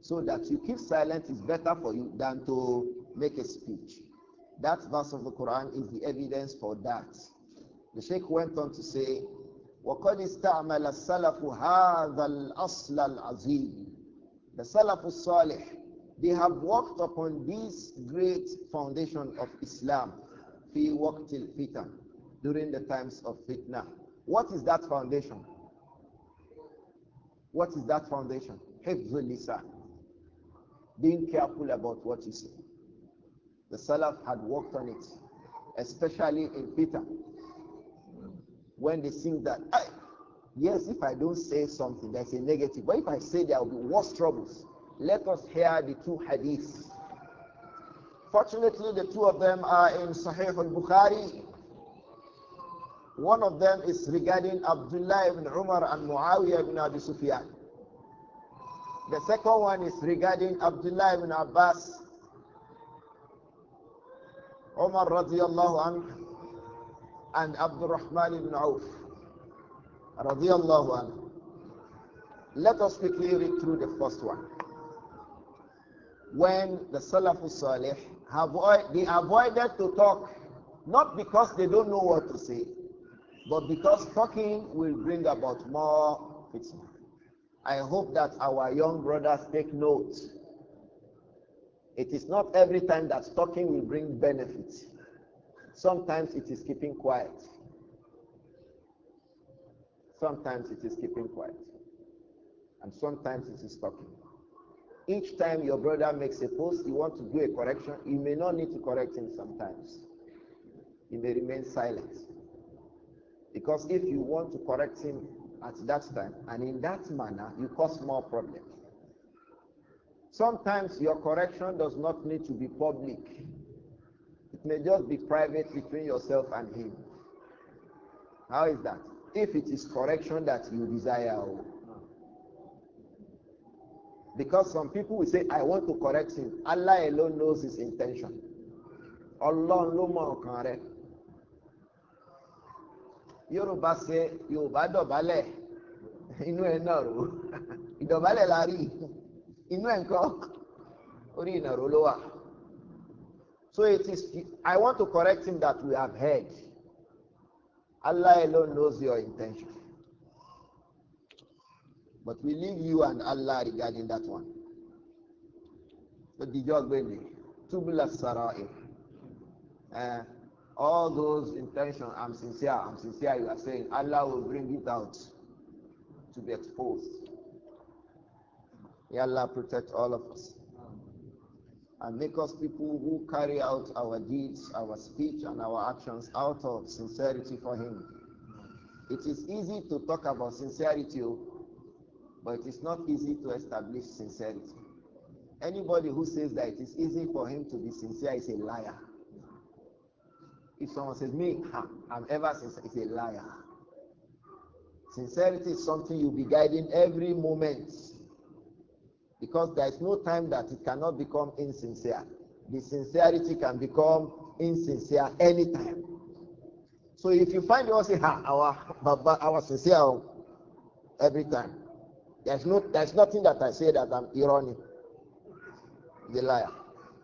So that you keep silent is better for you than to make a speech. That verse of the Quran is the evidence for that. The Sheikh went on to say, وقد استعمل السلف هذا الأصل العظيم The Salaf salih they have worked upon this great foundation of Islam في وقت الفتن during the times of fitna. What is that foundation? What is that foundation? Hifzul Lisan. Being careful about what you say. The Salaf had worked on it, especially in fitna when they sing that, yes, if I don't say something, that's a negative. But if I say there will be worse troubles, let us hear the two hadiths. Fortunately, the two of them are in Sahih al-Bukhari. One of them is regarding Abdullah ibn Umar and Muawiyah ibn Abi Sufyan. The second one is regarding Abdullah ibn Abbas, Umar radiallahu anhu, and Abdul Rahman ibn Auf. الله عنه. Let us quickly read through the first one. When the Salafus Salih avoid, they avoided to talk, not because they don't know what to say, but because talking will bring about more fitna. I hope that our young brothers take note. It is not every time that talking will bring benefits. Sometimes it is keeping quiet. Sometimes it is keeping quiet. And sometimes it is talking. Each time your brother makes a post, you want to do a correction, you may not need to correct him sometimes. He may remain silent. Because if you want to correct him at that time and in that manner, you cause more problems. Sometimes your correction does not need to be public it may just be private between yourself and him. How is that? If it is correction that you desire. Oh. Because some people will say, I want to correct him. Allah alone knows his intention. Allah ló mọ ọkàn rẹ. Yorùbá ṣe Yorùbá dọ̀bálẹ̀ inú ẹ̀ náà bale Ìdọ̀bálẹ̀ inú ẹ̀ kọ́ orí ìnàró ló wà. So it is, I want to correct him that we have heard. Allah alone knows your intention. But we leave you and Allah regarding that one. But the jog tubula sarair. Eh, all those intentions, I'm sincere, I'm sincere, you are saying Allah will bring it out to be exposed. May Allah protect all of us and make us people who carry out our deeds, our speech, and our actions out of sincerity for Him. It is easy to talk about sincerity, oh, but it is not easy to establish sincerity. Anybody who says that it is easy for him to be sincere is a liar. If someone says, Me, I'm ever sincere, it's a liar. Sincerity is something you'll be guiding every moment because there is no time that it cannot become insincere. The sincerity can become insincere anytime. So if you find us ha, our Baba, our sincere every time. There's no there's nothing that I say that I'm ironic. The liar.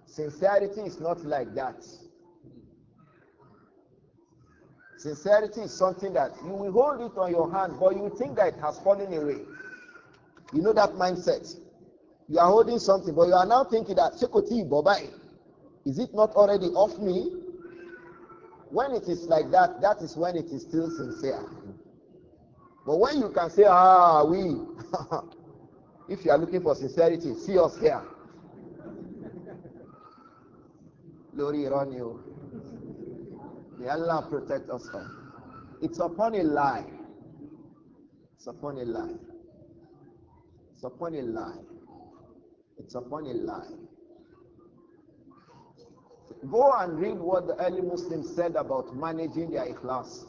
Sincerity is not like that. Sincerity is something that you will hold it on your hand, but you think that it has fallen away. You know that mindset. You are holding something, but you are now thinking that Sekoti Bobai, is it not already off me? When it is like that, that is when it is still sincere. But when you can say, ah, we, if you are looking for sincerity, see us here. Glory on you. May Allah protect us from. It's upon a lie. It's upon a lie. It's upon a lie. It's upon a lie. Go and read what the early Muslims said about managing their ikhlas.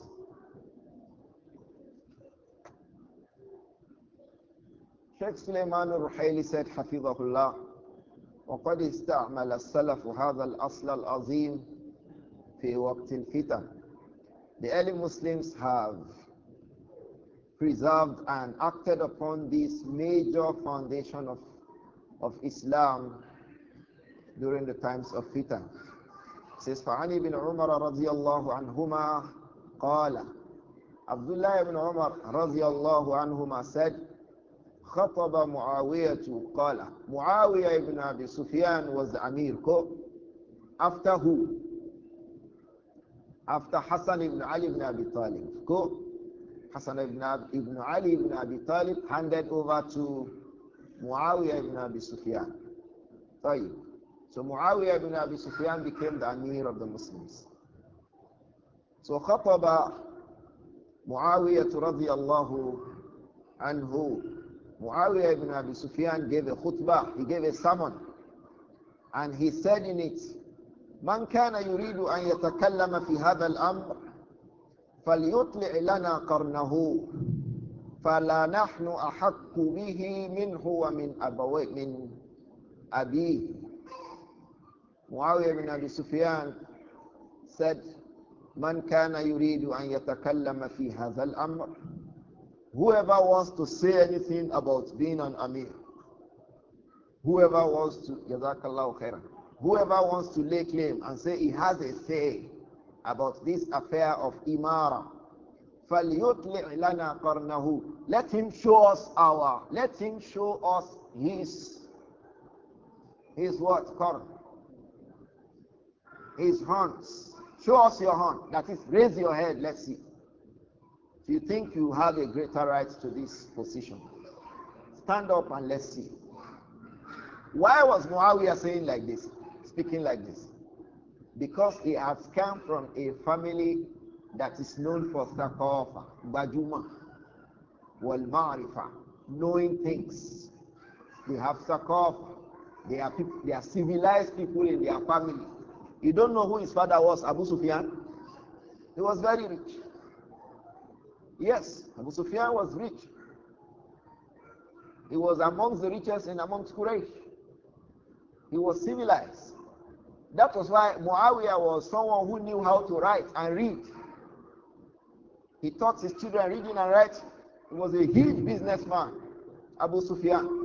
Sheikh Sulaiman al-Ruhaili said, حفظه وقد استعمل السلف هذا الأصل العظيم في وقت الفتن. The early Muslims have preserved and acted upon this major foundation of of Islam during the times of fitan. Says فعلي bin عمر رضي الله عنهما قال Abdullah ibn Umar رضي الله عنهما said خطب معاوية قال معاوية ibn Abi Sufyan was the Amir after who? After Hassan ibn Ali bin Abi Talib Hassan ibn, ibn Ali bin Abi Talib handed over to Muawiyah ibn Abi Sufyan. طيب. So Muawiyah ibn Abi Sufyan became the Amir of the Muslims. So خطب Muawiyah رضي الله عنه Muawiyah ibn Abi Sufyan gave a khutbah, he gave a sermon. And he said in it, من كان يريد أن يتكلم في هذا الأمر فليطلع لنا قرنه فلا نحن أحق به منه ومن أبوي من أبيه معاوية بن أبي سفيان said من كان يريد أن يتكلم في هذا الأمر whoever wants to say anything about being an Amir whoever wants to جزاك الله خيرا whoever wants to lay claim and say he has a say about this affair of imara فَلْيُطْلِعْ لَنَا قَرْنَهُ Let him show us our, let him show us his, his what? Qarn. His horns. Show us your horn. That is, raise your head, let's see. you think you have a greater right to this position, stand up and let's see. Why was Muawiyah saying like this, speaking like this? Because he has come from a family that is known for thaqafa, bajuma, wal marifa, knowing things. They have thaqafa. They are people, they are civilized people in their family. You don't know who his father was, Abu Sufyan? He was very rich. Yes, Abu Sufyan was rich. He was amongst the richest and amongst Quraysh. He was civilized. That was why Muawiyah was someone who knew how to write and read. He taught his children reading and writing. He was a huge businessman, Abu Sufyan.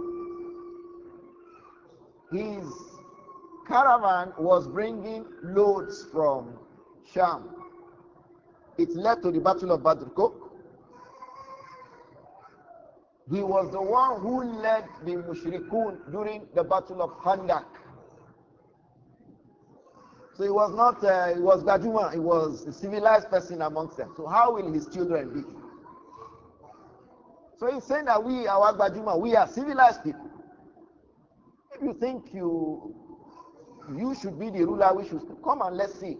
His caravan was bringing loads from Sham. It led to the Battle of Badr He was the one who led the Mushrikun during the Battle of Khandak. So he was not, uh, he was Gajuma, he was a civilized person amongst them. So how will his children be? So he's saying that we, our Gajuma, we are civilized people. If you think you you should be the ruler, we should come and let's see.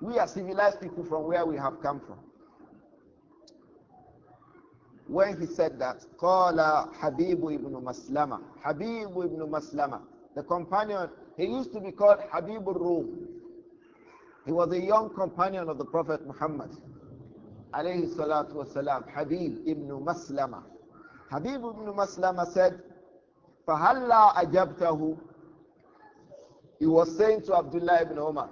We are civilized people from where we have come from. When he said that, Qala Habib ibn Maslama. Habib ibn Maslama, the companion he used to be called Habibur Rum. He was a young companion of the Prophet Muhammad. Alayhi salatu wasalam, Habib ibn Maslama. Habib ibn Maslama said, Fahalla ajabtahu. He was saying to Abdullah ibn Omar,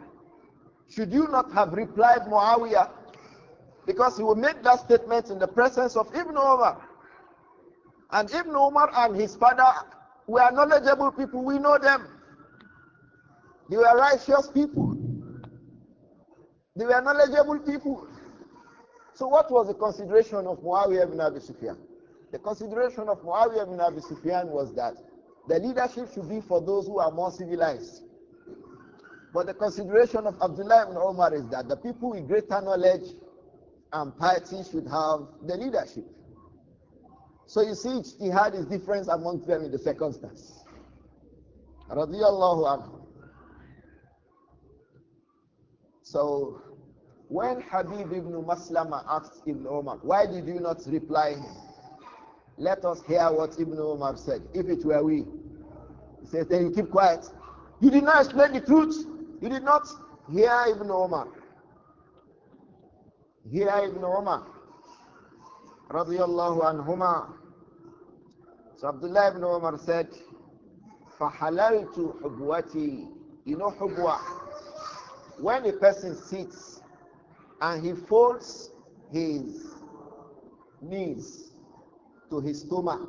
Should you not have replied Muawiyah? Because he would make that statement in the presence of Ibn Omar. And Ibn Omar and his father were knowledgeable people, we know them. They were righteous people. They were knowledgeable people. So what was the consideration of Muawiyah ibn Abi Sufyan? The consideration of Muawiyah ibn Abi Sufyan was that the leadership should be for those who are more civilized. But the consideration of Abdullah ibn Omar is that the people with greater knowledge and piety should have the leadership. So you see, he had his difference amongst them in the circumstance. Radiallahu anhu. So when Habib ibn Maslama asked Ibn Umar, why did you not reply him? Let us hear what Ibn Umar said, if it were we. He said, then you keep quiet. You did not explain the truth. You did not hear Ibn Umar. Hear Ibn Umar. Radiallahu anhuma. So Abdullah ibn Umar said, فَحَلَلْتُ حُبْوَتِي You know hubwa, when a person sits and he folds his knees to his stomach,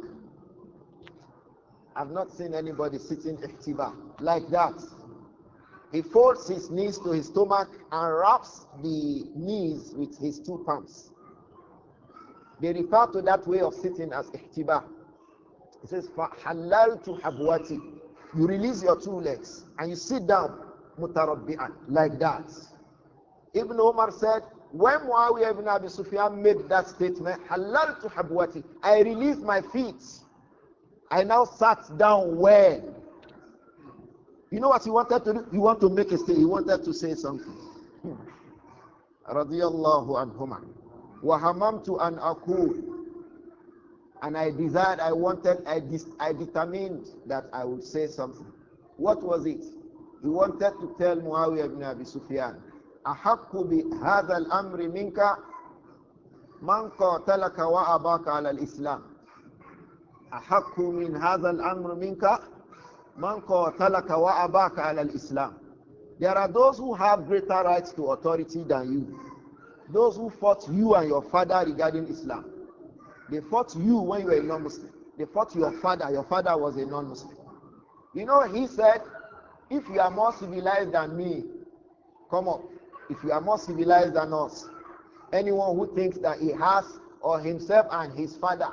I've not seen anybody sitting ihtiba like that. He folds his knees to his stomach and wraps the knees with his two palms. They refer to that way of sitting as ihtiba. It says, to habwati, You release your two legs and you sit down mutarabbi'an, like that. Ibn Umar said, when Muawiyah ibn Abi Sufyan made that statement, halal to habwati, I released my feet. I now sat down where? You know what he wanted to do? He wanted to make a statement. He wanted to say something. Radiallahu anhuma. Wahamamtu an akul. And I desired, I wanted, I, I determined that I would say something. What was it? He wanted to tell Muawiyah ibn Abi Sufyan, أحق بهذا الأمر منك من قاتلك وأباك على الإسلام أحق من هذا الأمر منك من قاتلك وأباك على الإسلام There are those who have greater rights to authority than you. Those who fought you and your father regarding Islam. They fought you when you were a non-Muslim. They fought your father. Your father was a non-Muslim. You know, he said, if you are more civilized than me, come up. If you are more civilized than us, anyone who thinks that he has or himself and his father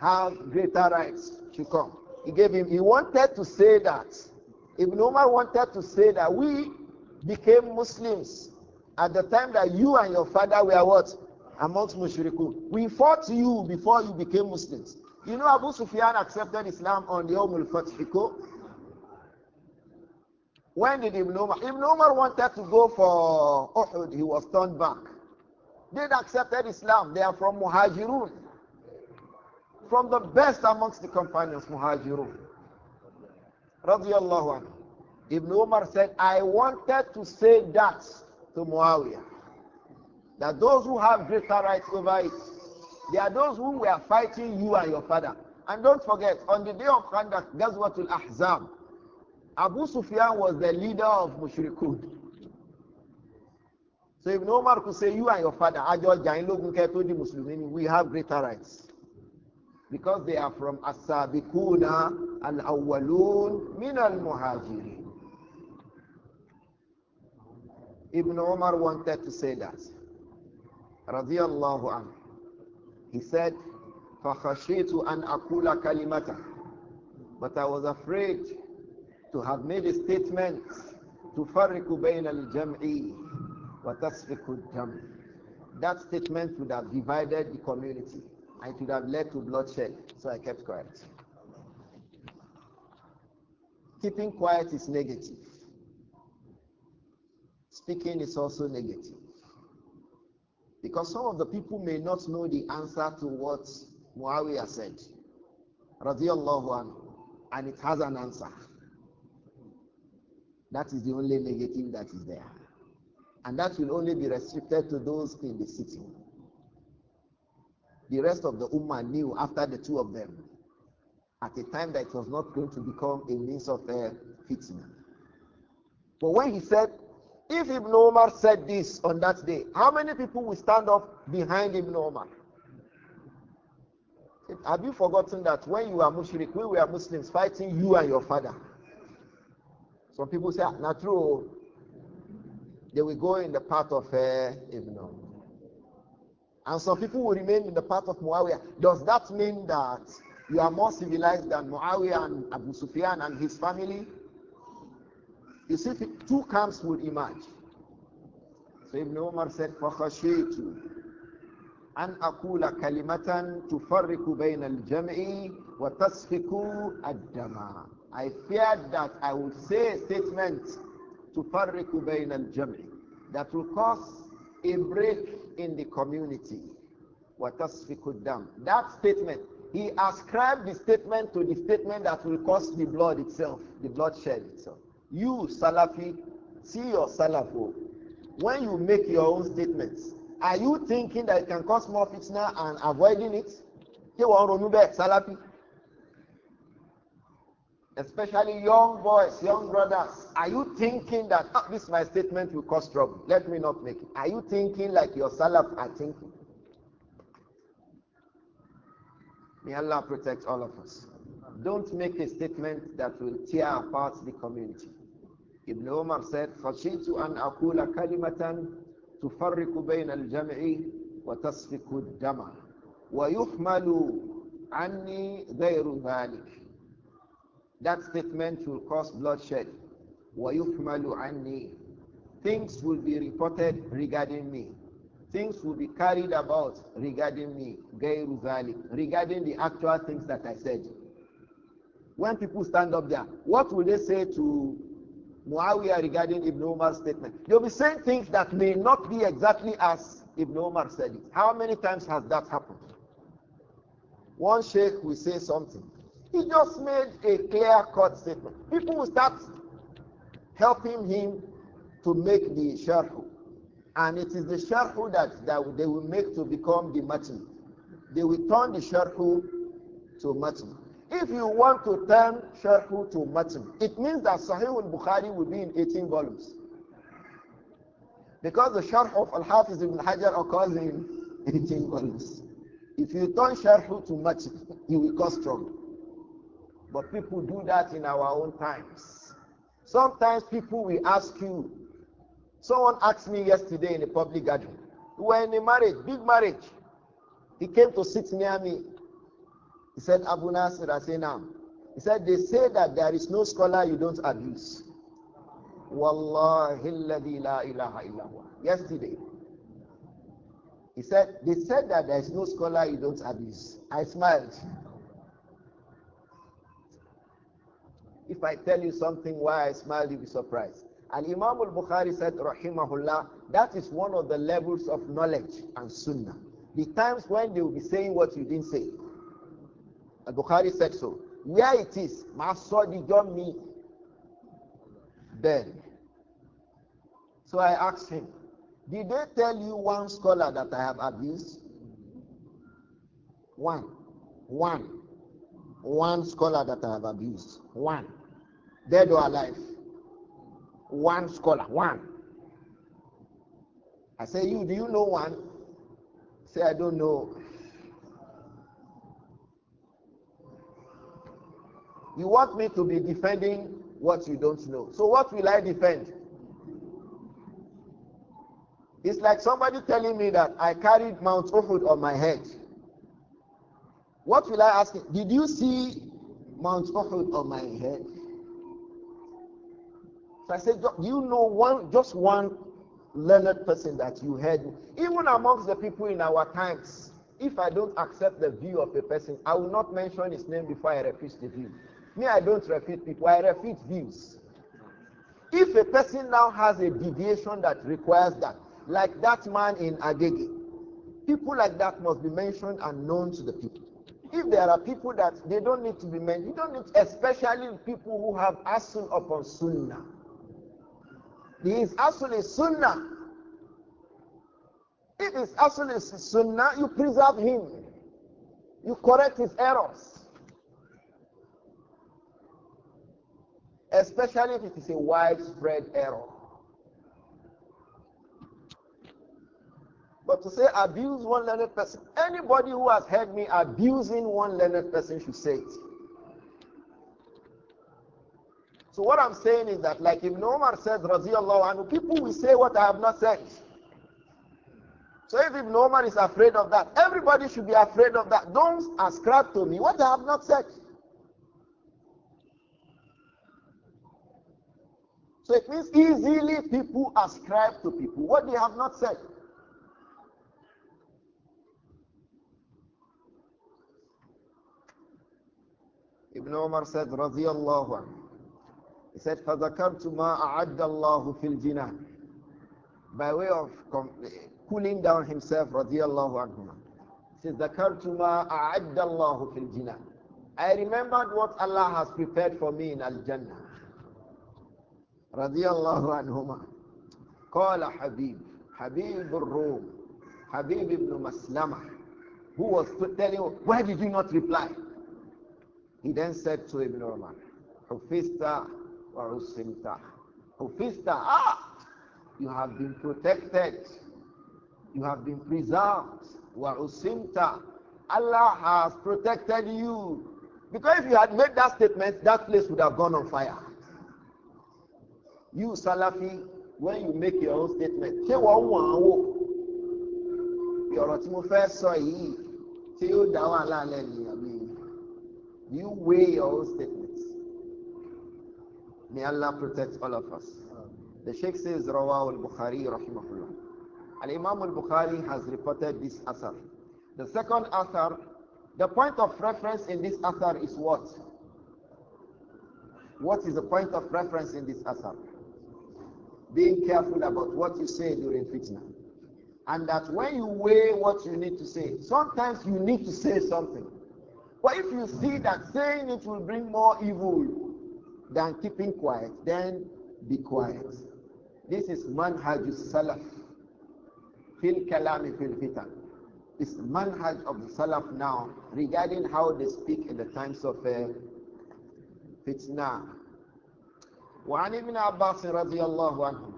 have greater rights to come. He gave him, he wanted to say that. Ibn Umar wanted to say that we became Muslims at the time that you and your father were what? Amongst Mushrikun. We fought you before you became Muslims. You know Abu Sufyan accepted Islam on the Yawm al-Fatihiko when did Ibn Umar? Ibn Umar wanted to go for Uhud. He was turned back. They accepted Islam. They are from Muhajirun. From the best amongst the companions, Muhajirun. Radiallahu anhu. Ibn Umar said, I wanted to say that to Muawiyah. That those who have greater rights over it, they are those who were fighting you and your father. And don't forget, on the day of Khandak, Ghazwatul Ahzab, Abu Sufyan was the leader of Mushrikun. So Ibn Omar could say, You and your father, Ajo Jain Logun Muslimin, we have greater rights. Because they are from As-Sabiquna al-Awwalun min al-Muhajirin. Ibn Omar wanted to say that. Radiallahu anhu. He said, فَخَشِيتُ أَنْ أَقُولَ كَلِمَةً But I was afraid to have made a statement to تفرق بين الجمع وتصفق الدم that statement would have divided the community and it would have led to bloodshed so I kept quiet keeping quiet is negative speaking is also negative because some of the people may not know the answer to what Muawiyah said radiyallahu anhu and it has an answer that is the only negative that is there. And that will only be restricted to those in the city. The rest of the Ummah knew after the two of them at a time that it was not going to become a means of uh, fitna. But when he said, if Ibn Omar said this on that day, how many people will stand up behind Ibn Omar? Have you forgotten that when you were Mushrik, we were Muslims fighting you and your father? Some people say, ah, not true. They will go in the path of uh, eh, Ibn. And some people will remain in the path of Muawiyah. Does that mean that you are more civilized than Muawiyah and Abu Sufyan and his family? You see, two camps would emerge. So Ibn Umar said, فَخَشِيتُ أَنْ أَقُولَ كَلِمَةً تُفَرِّقُ بَيْنَ الْجَمْعِ وَتَسْفِكُ الدَّمَاءِ I feared that I would say a statement to Farriku Bain al Jami that will cause a break in the community. That statement, he ascribed the statement to the statement that will cause the blood itself, the bloodshed itself. You, Salafi, see your Salafo. Oh. When you make your own statements, are you thinking that it can cause more fitna and avoiding it? Salafi especially young boys, young brothers, are you thinking that ah, this my statement will cause trouble? Let me not make it. Are you thinking like your salaf are thinking? May Allah protect all of us. Don't make a statement that will tear apart the community. Ibn Umar said, خشيت أن أقول كلمة تفرق بين الجمع وتسفك الدمع ويحمل عني غير ذلك that statement will cause bloodshed. Things will be reported regarding me. Things will be carried about regarding me, غَيْرُ regarding the actual things that I said. When people stand up there, what will they say to Muawiyah regarding Ibn Omar's statement? They'll be saying things that may not be exactly as Ibn Omar said it. How many times has that happened? One sheikh will say something. He just made a clear cut statement. People will start helping him to make the sharhu. And it is the sharhu that, that they will make to become the matn. They will turn the sharhu to matn. If you want to turn sharhu to matn, it means that Sahih al-Bukhari will be in 18 volumes. Because the sharh of Al-Hafiz ibn Hajar occurs in 18 volumes. If you turn sharhu to matn, you will cause trouble. But people do that in our own times. Sometimes people will ask you. Someone asked me yesterday in a public gathering. We were in a marriage, big marriage. He came to sit near me. He said, Abu Nasir, I He said, they say that there is no scholar you don't abuse. Wallahi la ilaha illallah. Yesterday. He said, they said that there is no scholar you don't abuse. I smiled. If I tell you something why I smile, you'll be surprised. And Imam al-Bukhari said, Rahimahullah, that is one of the levels of knowledge and sunnah. The times when they will be saying what you didn't say. Al-Bukhari said so. Where it is, Masodi got me. Then. So I asked him, did they tell you one scholar that I have abused? One. One one scholar that I have abused. One. Dead or alive. One scholar. One. I say, You, do you know one? Say, I don't know. You want me to be defending what you don't know. So, what will I defend? It's like somebody telling me that I carried Mount Uhud on my head. What will I ask Did you see Mount Uhud on my head? So I said, Do you know one, just one learned person that you heard? Even amongst the people in our times, if I don't accept the view of a person, I will not mention his name before I refute the view. Me, I don't refute people, I refute views. If a person now has a deviation that requires that, like that man in Agege, people like that must be mentioned and known to the people. If there are people that they don't need to be mentioned, you don't need, especially people who have asun upon sunnah. This asun is sunnah. If asun is sunnah, you preserve him. You correct his errors. Especially if it is a widespread error. But to say abuse one learned person, anybody who has heard me abusing one learned person should say it. So what I'm saying is that, like if Omar says, Raziallahu anhu, people will say what I have not said. So if Ibn Omar is afraid of that, everybody should be afraid of that. Don't ascribe to me what I have not said. So it means easily people ascribe to people what they have not said. Ibn Umar said, رضي الله عنه. he said, فَذَكَرْتُ مَا أَعَدَّ اللَّهُ فِي الْجِنَةِ By way of cooling down himself, رضي الله anhu. He said ذَكَرْتُ مَا أَعَدَّ اللَّهُ فِي الْجِنَةِ I remembered what Allah has prepared for me in Al-Jannah. رضي Radiyallahu anhuma. قال حبيب حبيب الروم حبيب ابن مسلمة who was telling why did you not reply He then said to Ibn Umar, Hufista wa usimta. Hufista, ah! You have been protected. You have been preserved. Wa usimta. Allah has protected you. Because if you had made that statement, that place would have gone on fire. You, Salafi, when you make your own statement, ṣé wọ́n wọ̀n án wò? Bí ọ̀rọ̀ tí mo fẹ́ sọ yìí, you weigh your own statements. May Allah protect all of us. The Sheikh says, Rawah al-Bukhari, rahimahullah. Al-Imam al-Bukhari has reported this asar. The second asar, the point of reference in this asar is what? What is the point of reference in this asar? Being careful about what you say during fitna. And that when you weigh what you need to say, sometimes you need to say something. But if you see that saying it will bring more evil than keeping quiet, then be quiet. This is manhaj salaf fil kalami fil fitan. It's manhaj of the salaf now regarding how they speak in the times of uh, fitna. وعن ابن عباس رضي الله عنهما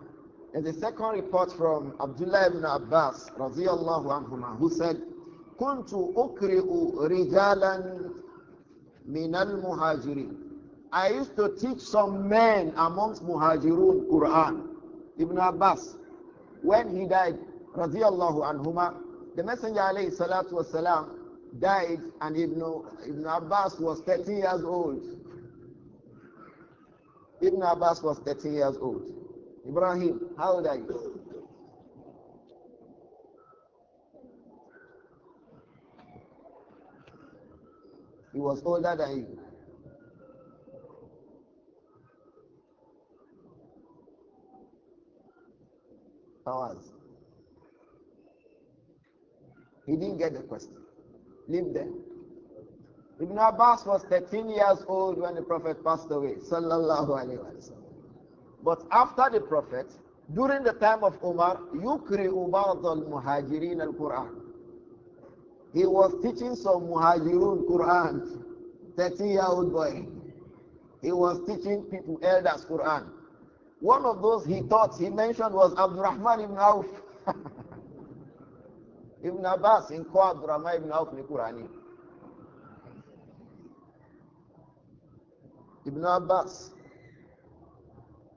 the second report from Abdullah ibn Abbas رضي الله عنهما who said كنت أقرئ رجالا من المهاجرين I used to teach some men amongst muhajirun Quran Ibn Abbas when he died radiyallahu anhuma the messenger alayhi salatu wasalam died and Ibn, Ibn Abbas was 30 years old Ibn Abbas was 30 years old Ibrahim how old are you He was older than you. Hours. He didn't get the question. Leave them. Ibn Abbas was 13 years old when the Prophet passed away. Sallallahu alayhi wa But after the Prophet, during the time of Umar, al بَعْضَ الْمُهَاجِرِينَ الْقُرْآنَ he was teaching some Muhajirun Quran, 13 year old boy. He was teaching people, elders Quran. One of those he taught, he mentioned was Abdurrahman ibn Auf. ibn Abbas in Kwa Abdurrahman ibn Auf Qurani. Ibn Abbas.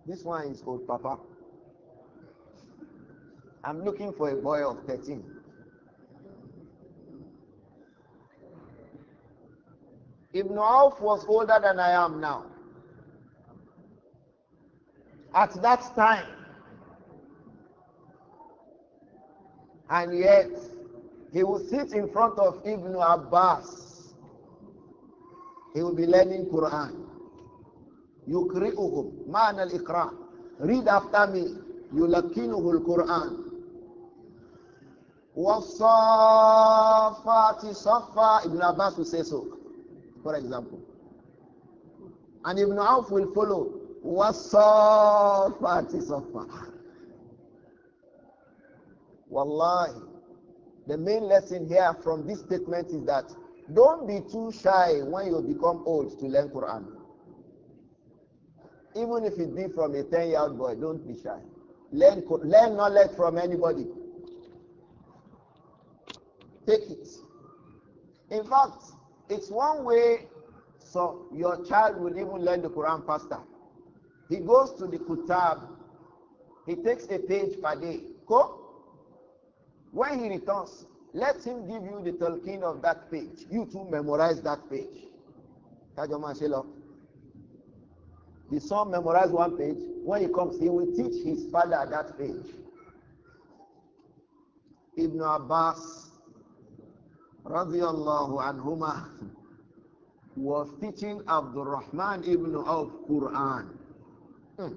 This one is old Papa. I'm looking for a boy of 13. Ibn Auf was older than I am now. At that time. And yet, he will sit in front of Ibn Abbas. He will be learning Quran. يقرئهم al الإقراء read after me Quran. القرآن والصافات صفا Ibn Abbas will say so for example. And Ibn Auf will follow. Wasafati safa. Wallahi. The main lesson here from this statement is that don't be too shy when you become old to learn Quran. Even if it be from a 10 year old boy, don't be shy. Learn, learn knowledge from anybody. Take it. In fact, it's one way so your child will even learn the Quran faster. He goes to the Kutab, he takes a page per day. Go. When he returns, let him give you the talking of that page. You too memorize that page. The son memorized one page. When he comes, he will teach his father that page. Ibn Abbas radiallahu anhuma, was teaching Abdul Rahman ibn Auf Quran. Hmm.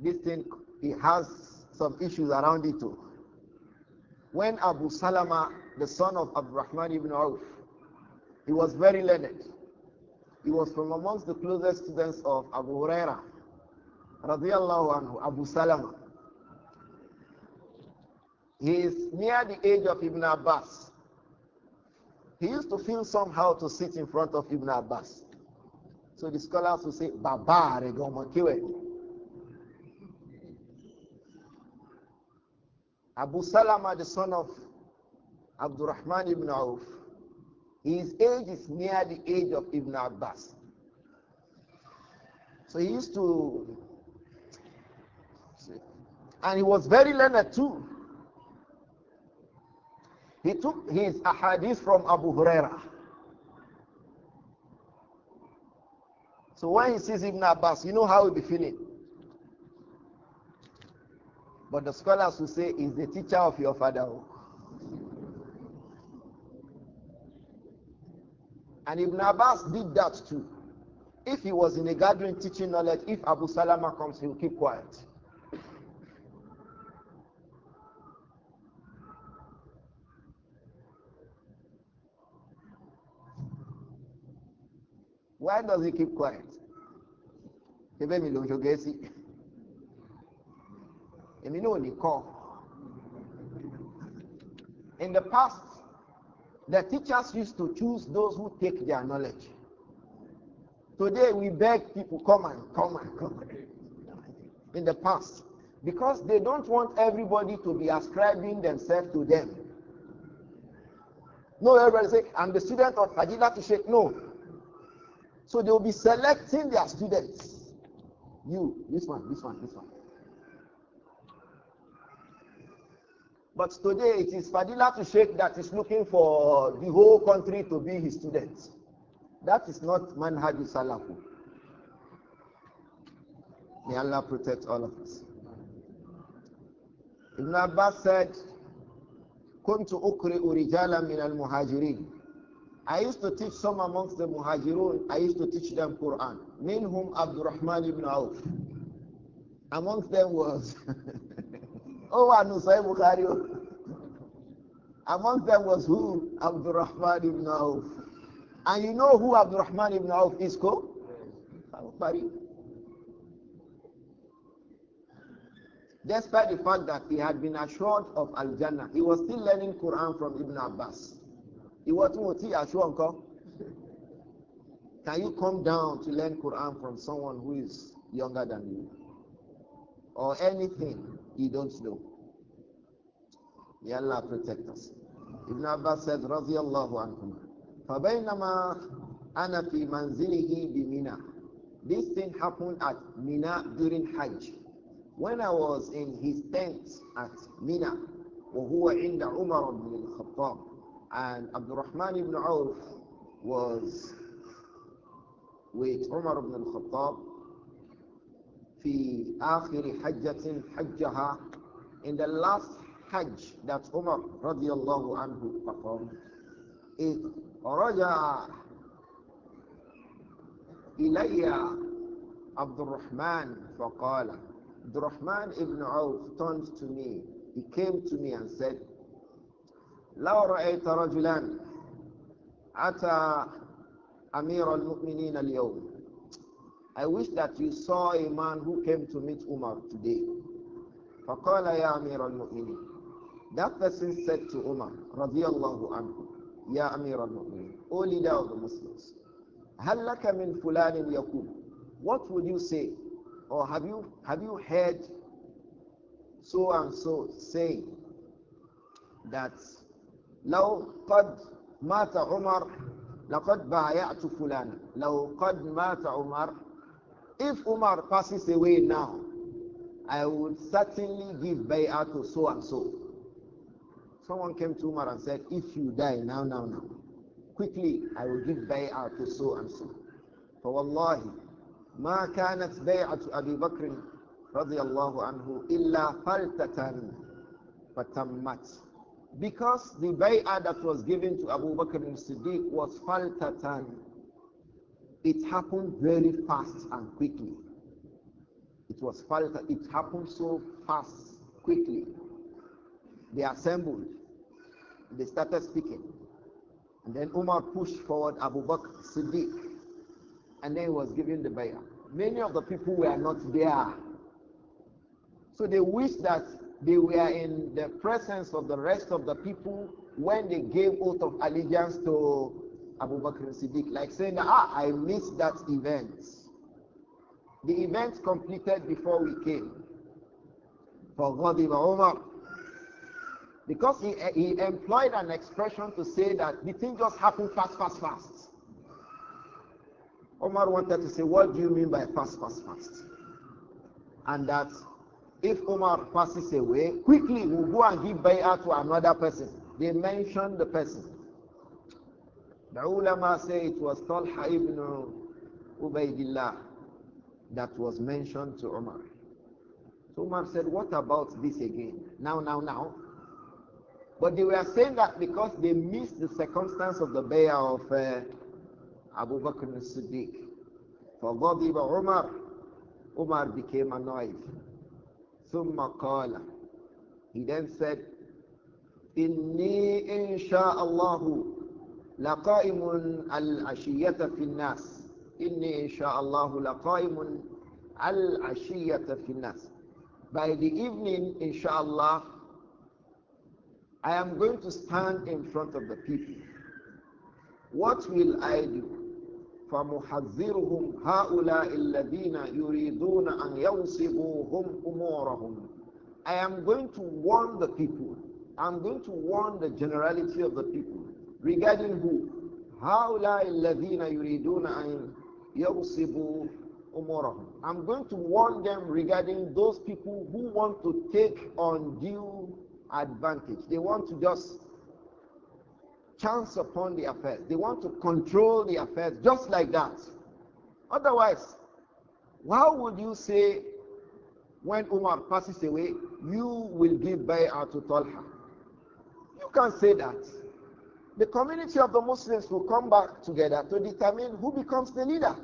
This thing, he has some issues around it too. When Abu Salama, the son of Abdul Rahman ibn Auf, he was very learned. He was from amongst the closest students of Abu Huraira, radiallahu anhu, Abu Salama. He is near the age of Ibn Abbas. He used to feel somehow to sit in front of Ibn Abbas. So the scholars will say, Baba Regoma Kiwe. Abu Salama, the son of Abdurrahman ibn Auf, his age is near the age of Ibn Abbas. So he used to, and he was very learned too. He took his ahadith from Abu Huraira. So when he sees Ibn Abbas, you know how he'll be feeling. But the scholars will say, he's the teacher of your father. And Ibn Abbas did that too. If he was in a gathering teaching knowledge, if Abu Salama comes, he will keep quiet. Why does he keep quiet? Ebe mi lòun ṣoge Èmi náà ní kọ́. In the past, the teachers used to choose those who take their knowledge. Today we beg people, come and come and come. In the past, because they don't want everybody to be ascribing themselves to them. No, everybody say, I'm the student of Fajila to No, so they will be selecting their students. You, this one, this one, this one. But today it is Fadila to Sheikh that is looking for the whole country to be his students. That is not Manhaj Salafu. May Allah protect all of us. Ibn Abbas said, كنت أقرئ min al-muhajirin." I used to teach some amongst the Muhajirun, I used to teach them Quran. whom Abdurrahman ibn Auf. Amongst them was, oh, I Bukhari. Amongst them was who? Abdurrahman ibn Auf. And you know who Abdurrahman ibn Auf is called? Bukhari. Despite the fact that he had been assured of Al Jannah, he was still learning Quran from Ibn Abbas ìwọ can you come down to learn Quran from someone who is younger than you or anything you don't know? May Allah protect us. Ibn Abbas said, رضي الله عنهما فبينما أنا في منزله بمنى This thing happened at Mina during Hajj. When I was in his tent at Mina, وهو عند عمر بن الخطاب and Rahman ibn Auf was with Umar ibn al-Khattab في آخر حجة حجها in the last Hajj that Umar radiallahu anhu performed it رجع إلي عبد الرحمن فقال عبد الرحمن ibn Auf turned to me he came to me and said لو رأيت رجلا أتى أمير المؤمنين اليوم I wish that you saw a man who came to meet Umar today. فقال يا أمير المؤمنين That person said to Umar رضي الله عنه يا أمير المؤمنين O leader of the Muslims هل لك من فلان يقول What would you say? Or have you, have you heard so and so saying that لو قد مات عمر لقد بايعت فلانا لو قد مات عمر if Umar passes away now I would certainly give bay'ah to so and so someone came to Umar and said if you die now now now quickly I will give bay'ah to so and so فوالله ما كانت بيعة أبي بكر رضي الله عنه إلا فلتة فتمت Because the bay'ah that was given to Abu Bakr al-Siddiq was faltatan. It happened very fast and quickly. It was falta. It happened so fast, quickly. They assembled. They started speaking. And then Umar pushed forward Abu Bakr Siddiq. And then he was given the bay'ah. Many of the people were not there. So they wished that they were in the presence of the rest of the people when they gave oath of allegiance to Abu Bakr Siddiq, like saying, ah, I missed that event. The event completed before we came. For God, Omar. Because he, he employed an expression to say that the thing just happened fast, fast, fast. Omar wanted to say, what do you mean by fast, fast, fast? And that if Omar passes away, quickly we'll go and give bay'ah to another person. They mentioned the person. The ulama say it was Talha ibn Ubaidillah that was mentioned to Omar. So Omar said, What about this again? Now, now, now. But they were saying that because they missed the circumstance of the bay'ah of uh, Abu Bakr as-Siddiq. For فغضب Omar, Omar became annoyed. ثم قال he then said إني إن شاء الله لقائم العشية في الناس إني إن شاء الله لقائم العشية في الناس by the evening inshallah I am going to stand in front of the people what will I do فمحذرهم هؤلاء الذين يريدون أن ينصبوهم أمورهم I am going to warn the people. I'm going to warn the generality of the people regarding who هؤلاء الذين يريدون أن ينصبوا أمورهم I'm going to warn them regarding those people who want to take undue advantage. They want to just chance upon the affairs. They want to control the affairs just like that. Otherwise, why would you say when Umar passes away, you will give bay'ah to Talha? You can't say that. The community of the Muslims will come back together to determine who becomes the leader.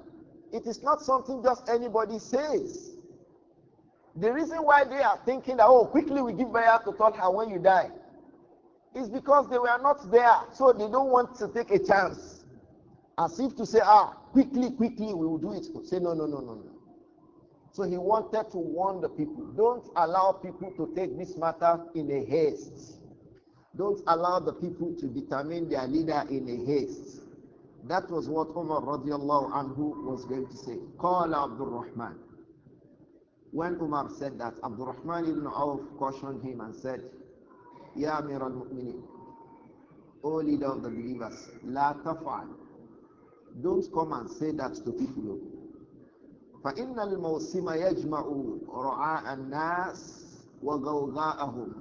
It is not something just anybody says. The reason why they are thinking that, oh, quickly we give bay'ah to Talha when you die, it's because they were not there, so they don't want to take a chance. As if to say, ah, quickly, quickly, we will do it. Say, no, no, no, no, no. So he wanted to warn the people. Don't allow people to take this matter in a haste. Don't allow the people to determine their leader in a haste. That was what Umar radiallahu anhu was going to say. Call Abdul Rahman. When Umar said that, Abdul Rahman ibn Auf cautioned him and said, Ya Amir al-Mu'mineen, O leader of the believers, لا تفعل. Don't come and say that to people. فإن الموسم يجمع رعاء الناس وغوغاءهم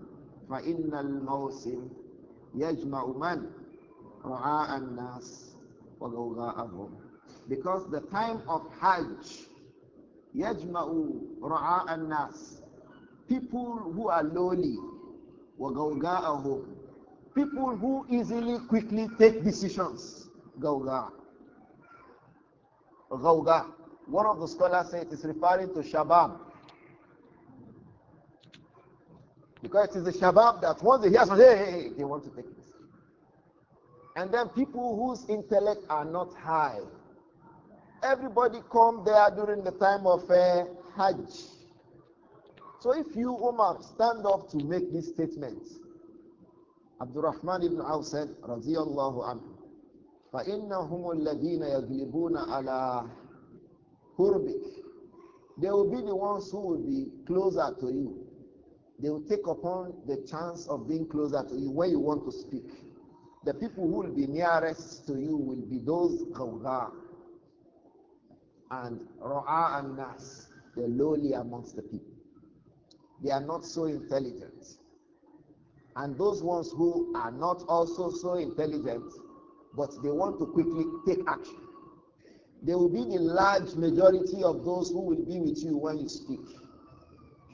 فإن الموسم يجمع من رعاء الناس وغوغاءهم because the time of Hajj يجمع رعاء الناس people who are lowly People who easily, quickly take decisions. غَوْغَاء غَوْغَاء One of the scholars said it is referring to shabab. Because it is the shabab that once they hear something, hey, hey, they want to take this. And then people whose intellect are not high. Everybody come there during the time of uh, Hajj so if you, Umar, stand up to make these statements, Abdurrahman ibn Auf said, radiyallahu anhu, فَإِنَّهُمُ الَّذِينَ يَغْلِبُونَ عَلَىٰ هُرْبِكَ They will be the ones who will be closer to you. They will take upon the chance of being closer to you when you want to speak. The people who will be nearest to you will be those غَوْغَى and رَعَى and Nas, the lowly amongst the people they are not so intelligent. And those ones who are not also so intelligent, but they want to quickly take action, they will be the large majority of those who will be with you when you speak.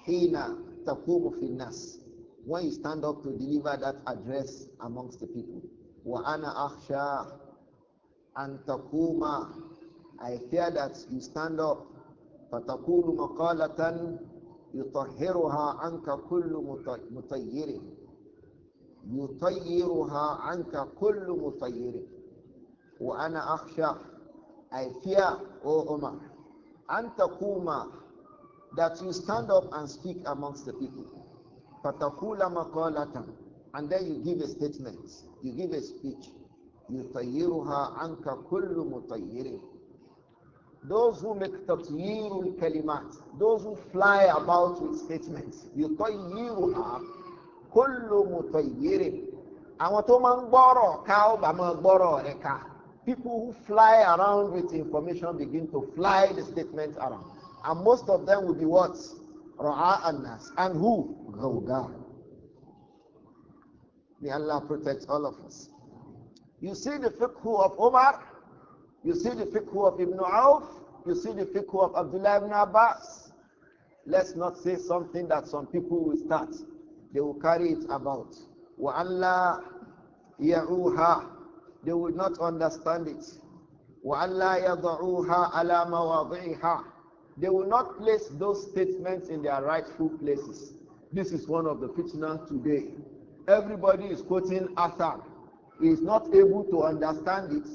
Hina taqumu finnas. When you stand up to deliver that address amongst the people. Wa ana akhsha an I fear that you stand up fatakunu maqalatan يطهرها عنك كل مطير يطيرها عنك كل مطير وأنا أخشى أي فيها أو Omar, أن تقوم that you stand up and speak amongst the people. فتقول مقالة and then you give a statement, you give a speech. يطيرها عنك كل مطير Those who make tatyirul kalimat, those who fly about with statements, yutayyiruha kullu mutayyirin. Àwọn tó máa ń gbọ́rọ̀ ká ó bá máa gbọ́rọ̀ People who fly around with information begin to fly the statement around. And most of them will be what? Ra'a nas. And who? Ghawgar. May Allah protect all of us. You see the fiqh of Omar you see the fiqh of Ibn Auf, you see the fiqh of Abdullah ibn Abbas. Let's not say something that some people will start. They will carry it about. وَأَلَّا يَعُوهَا They will not understand it. وَأَلَّا يَضَعُوهَا عَلَى مَوَاضِعِهَا They will not place those statements in their rightful places. This is one of the fitna today. Everybody is quoting Athar. He is not able to understand it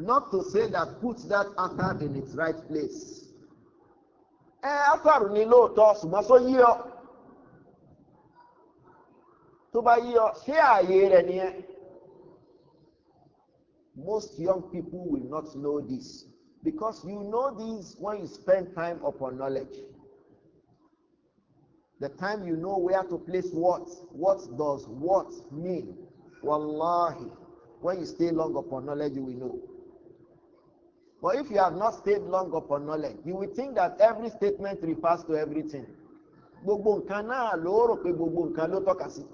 not to say that put that atar in its right place. Ẹ eh, ni lóòótọ́ ṣùgbọ́n sọ yí ọ. Tó bá yí ọ, ṣé ààyè rẹ̀ Most young people will not know this because you know this when you spend time upon knowledge. The time you know where to place what, what does what mean? Wallahi, when you stay long upon knowledge, you will know. But if you have not stayed long upon knowledge, you will think that every statement refers to everything. Gbogbo nǹkan náà ló rò pé gbogbo nǹkan ló tọ́ka sí.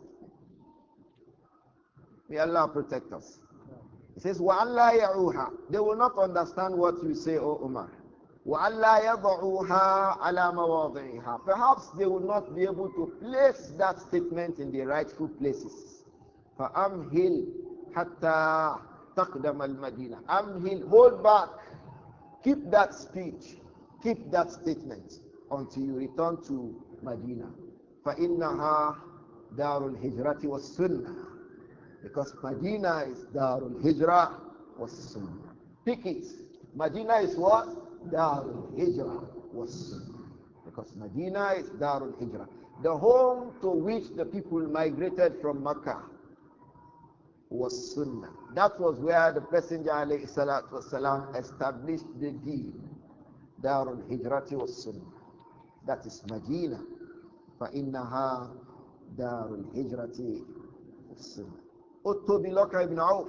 May Allah protect us. He says, Ya Uha. They will not understand what you say, O Umar. وَأَلَّا يَضَعُوهَا عَلَى مَوَاضِعِهَا Perhaps they will not be able to place that statement in the rightful places. Fa Hatta حَتَّى Al Madina. Amhil, hold back Keep that speech, keep that statement until you return to Medina. فَإِنَّهَا دَارُ الْهِجْرَةِ وَالسُّنَّةِ Because Medina is Darul Hijrah was Sunnah. Pick it. Medina is what? Darul Hijrah was Sunnah. Because Medina is Darul Hijrah. The home to which the people migrated from Makkah was sunnah. That was where the Messenger والسلام, established the deen. Darul Hijrati was sunnah. That is Medina. فإنها دار الهجرة السنة Otto bin Lokra ibn Auf.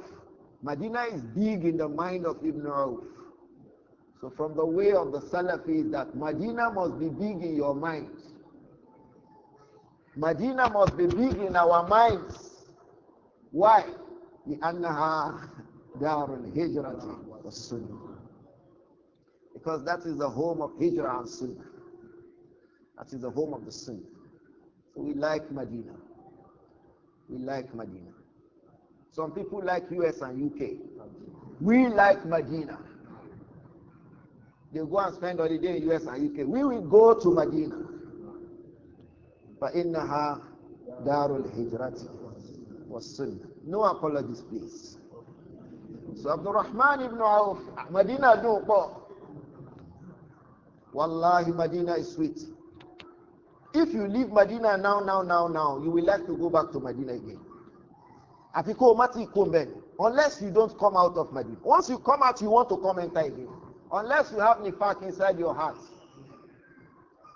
Medina is big in the mind of Ibn Auf. So from the way of the Salafi that Medina must be big in your mind. Medina must be big in our minds. Why? لأنها دار الهجرة والسنة because that is the home of Hijrah and Sunnah that is the home of the Sunnah so we like Medina we like Medina some people like US and UK we like Medina they go and spend all the day in US and UK we will go to Medina فإنها دار الهجرة والسنة No apologies, please. So Abdul Rahman ibn Auf, Medina dùn pọ̀. Wallahi, Medina is sweet. If you leave Medina now, now, now, now, you will like to go back to Medina again. Àfi kó o Unless you don't come out of Medina. Once you come out, you want to come enter again. Unless you have nifak inside your heart.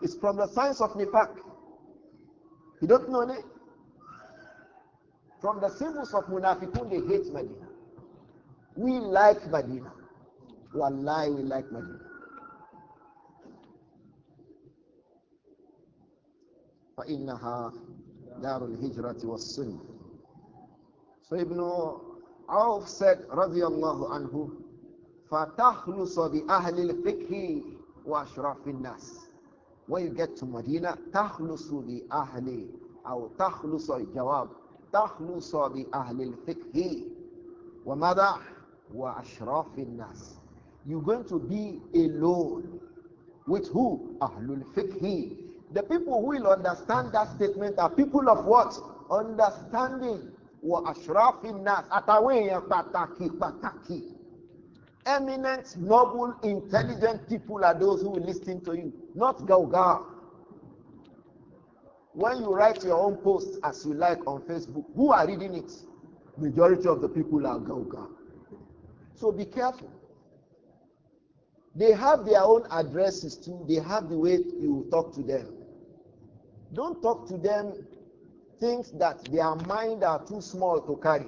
It's from the science of nifak. You don't know it? From the symbols of Munafikun they hate Medina. We like Medina. Wallahi, we like Medina. فإنها دار الهجرة والسنة So Ibn Auf said رضي الله عنه فتخلص بأهل الفقه وَأَشْرَفِ الناس When you get to Medina تخلص بأهل أو تخلص الجواب تخلص بأهل الفقه ومدح وأشراف الناس You're going to be alone with who? Ahlul fiqh. The people who will understand that statement are people of what? Understanding. Wa ashrafin nas. Atawen pataki pataki. Eminent, noble, intelligent people are those who will listen to you, not gauga. When you write your own post as you like on Facebook, who are reading it? Majority of the people are Gauga. So be careful. They have their own addresses too. They have the way you talk to them. Don't talk to them things that their mind are too small to carry.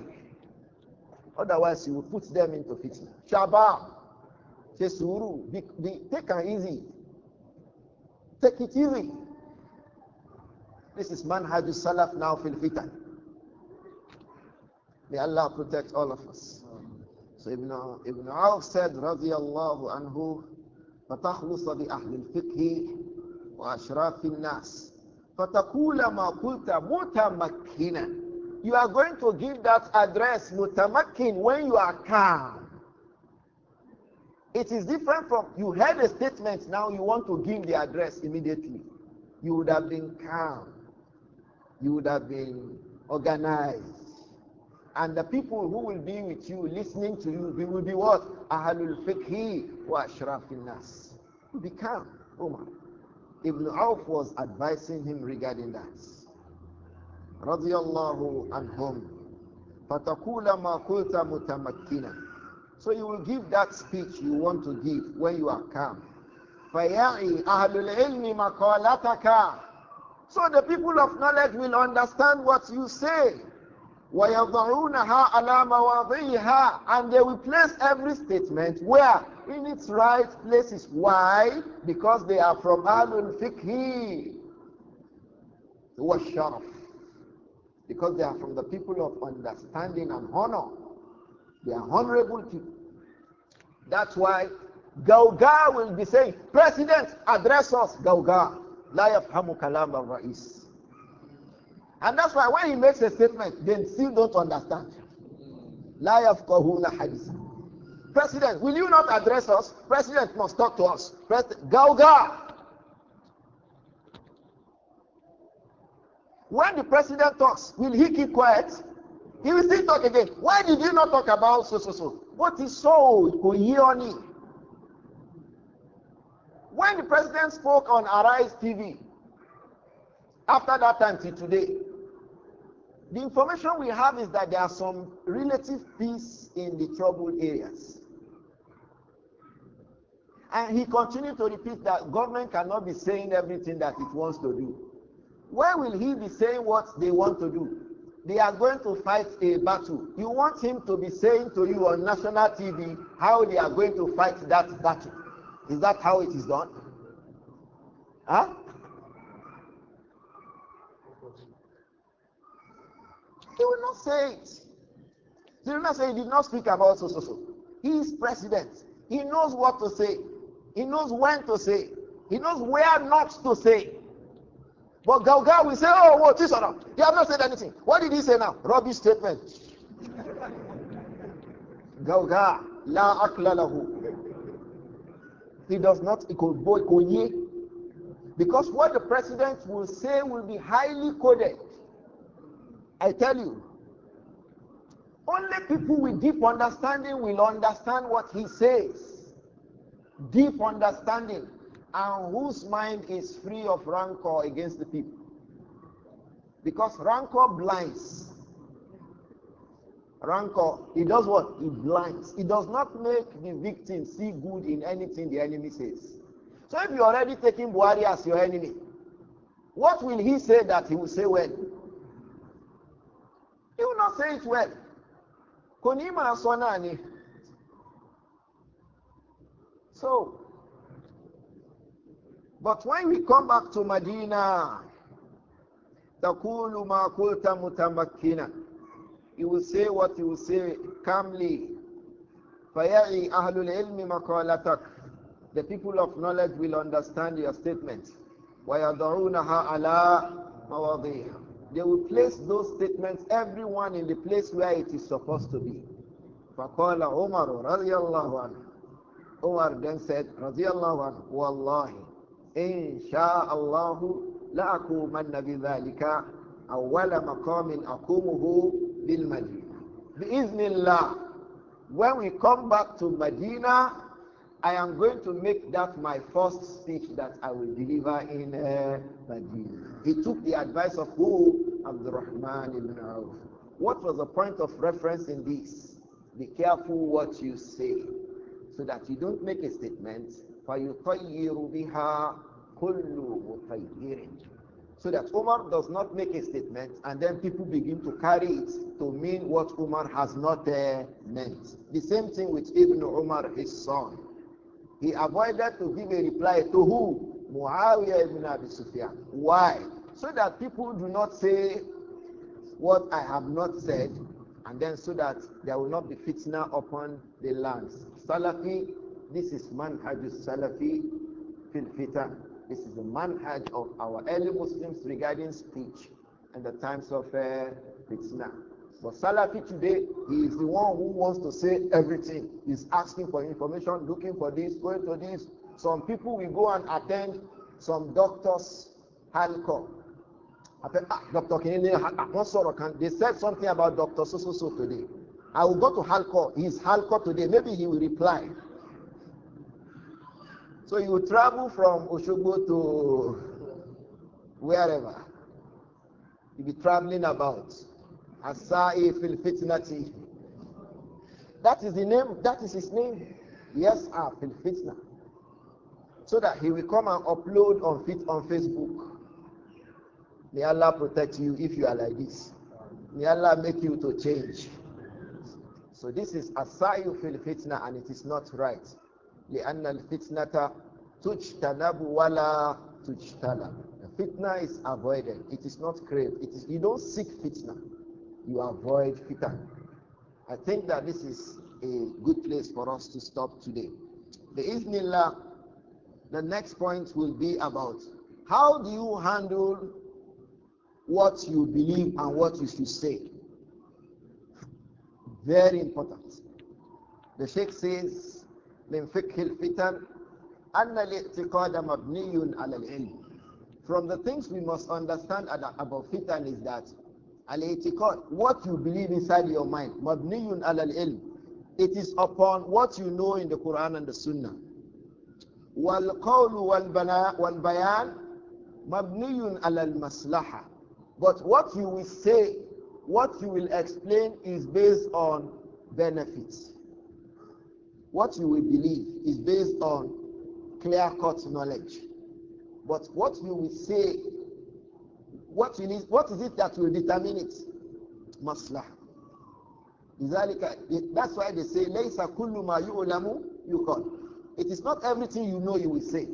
Otherwise, you will put them into fitna. Shaba, Chesuru, be, take it easy. Take it easy. This is manhaj salaf now fil fitan. May Allah protect all of us. So Ibn, Ibn Auf said, رضي الله عنه فتخلص بأهل الفقه وأشراف الناس فتقول ما قلت متمكنا You are going to give that address mutamakin when you are calm. It is different from you heard a statement now you want to give the address immediately. You would have been calm you would have been organized. And the people who will be with you, listening to you, they will be what? Ahlul fiqhi wa ashrafin nas. Be calm, Umar. Ibn Auf was advising him regarding that. Radiallahu anhum. فَتَقُولَ مَا قُلْتَ مُتَمَكِّنًا So you will give that speech you want to give when you are calm. فَيَعِي أَهْلُ الْعِلْمِ مَقَالَتَكَ so the people of knowledge will understand what you say. And they will place every statement where? In its right places. Why? Because they are from Ahlul Fiqh وَالشَّرَفِ Because they are from the people of understanding and honor. They are honorable people. That's why Gauga will be saying, President, address us, Gauga. La yafhamu kalam al-ra'is. And that's why when he makes a statement, they still don't understand. La yafqahuna hadith. President, will you not address us? President must talk to us. Gauga. When the president talks, will he keep quiet? He will still talk again. Why did you not talk about so so so? What is so? for yí when the president spoke on Arise TV, after that time till today, the information we have is that there are some relative peace in the troubled areas. And he continued to repeat that government cannot be saying everything that it wants to do. Where will he be saying what they want to do? They are going to fight a battle. You want him to be saying to you on national TV how they are going to fight that battle. Is that how it is done? Huh? He will not say it. He will not say he did not speak about so so so. He is president. He knows what to say. He knows when to say. He knows where not to say. But Gauga will say, oh, what oh, is this or that. He have not said anything. What did he say now? Rubbish statement. Gauga, la akla lahu. He does not because what the president will say will be highly coded. I tell you, only people with deep understanding will understand what he says. Deep understanding, and whose mind is free of rancor against the people. Because rancor blinds rancor. He does what? He blinds. He does not make the victim see good in anything the enemy says. So if you're already taking Buhari as your enemy, what will he say that he will say well? He will not say it well. Konima Sonani. So, but when we come back to Medina, تقول ما قلت متمكنا you will say what you will say calmly. فَيَعِي أَهْلُ الْعِلْمِ مَقَالَتَكَ The people of knowledge will understand your statement. وَيَضَعُونَهَا عَلَىٰ مَوَضِيهَا They will place those statements, everyone in the place where it is supposed to be. فَقَالَ عُمَرُ رَضِيَ اللَّهُ عَنْهُ Umar then said, رَضِيَ اللَّهُ عَنْهُ وَاللَّهِ إِن شَاءَ اللَّهُ لَأَكُومَنَّ بِذَلِكَ أَوَّلَ مَقَامٍ أَقُومُهُ bil Madinah. Biiznillah, when we come back to Medina, I am going to make that my first speech that I will deliver in uh, Medina. He took the advice of who? Abdurrahman ibn Auf. What was the point of reference in this? Be careful what you say so that you don't make a statement. فَيُطَيِّرُ بِهَا كُلُّ مُطَيِّرٍ so that Umar does not make a statement and then people begin to carry it to mean what Umar has not uh, meant. The same thing with Ibn Umar, his son. He avoided to give a reply to who? Muawiyah ibn Abi Sufyan. Why? So that people do not say what I have not said and then so that there will not be fitna upon the lands. Salafi, this is manhaj salafi fil fitan. This is the manhaj of our early Muslims regarding speech and the times of uh, fitna. But Salafi today, he is the one who wants to say everything. He's asking for information, looking for this, going to this. Some people will go and attend some doctors' halqa. Dr. Ah, Kinele, they said something about Dr. So, so, so today. I will go to halqa. Is halqa today. Maybe he will reply. So you travel from Oshobo to wherever. You be traveling about. Asai fil That is the name, that is his name. Yes, Ah fitna. So that he will come and upload on fit on Facebook. May Allah protect you if you are like this. May Allah make you to change. So this is Asayu fil and it is not right. لأن الفتنة تجتنب ولا تجتلب. Fitna is avoided. It is not craved. It is you don't seek fitna. You avoid fitna. I think that this is a good place for us to stop today. The Iznillah, the next point will be about how do you handle what you believe and what you should say. Very important. The Sheikh says, من فقه الفتن أن الاعتقاد مبني على العلم From the things we must understand about fitan is that al-i'tiqad, what you believe inside your mind, mabniyun al-ilm, it is upon what you know in the Quran and the Sunnah. Wal-qawlu wal-bayan, mabniyun al-maslaha. But what you will say, what you will explain is based on benefits. What you will believe is based on clear cut knowledge. But what you will say, what, you need, what is it that will determine it? Maslah. That's why they say, Laysa kullu ma yu'lamu yuqal. It is not everything you know you will say.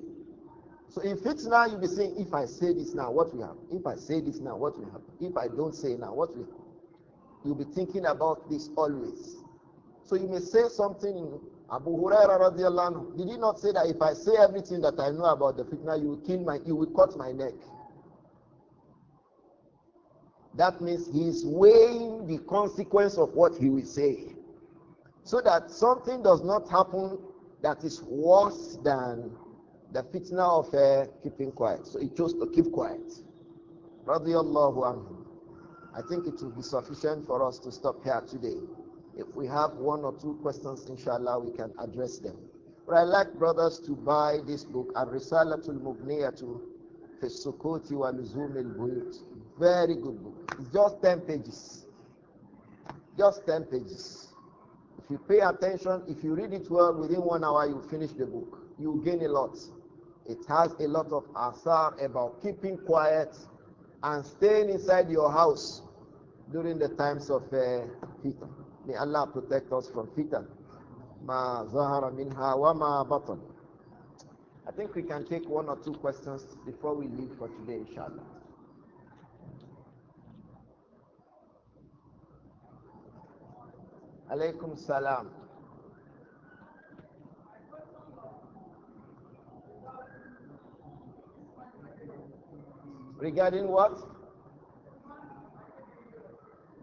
So if it's now you'll be saying, if I say this now, what will happen? If I say this now, what will happen? If I don't say now, what will happen? You'll be thinking about this always. So you may say something Abu Huraira radiallahu anhu, did he not say that if I say everything that I know about the fitna, you will kill my, you will cut my neck? That means he is weighing the consequence of what he will say. So that something does not happen that is worse than the fitna of uh, keeping quiet. So he chose to keep quiet. Radiallahu anhu. I think it will be sufficient for us to stop here today. If we have one or two questions, inshallah, we can address them. But I like brothers to buy this book, Ar-Risalatul Mubniyatu fi Sukuti wa Luzum al-Buyut. Very good book. It's just 10 pages. Just 10 pages. If you pay attention, if you read it well, within one hour you finish the book. You gain a lot. It has a lot of asar about keeping quiet and staying inside your house during the times of uh, heat. May Allah protect us from fitan. Ma zahara minha wa ma batan. I think we can take one or two questions before we leave for today, inshallah. Alaykum salam. Regarding what?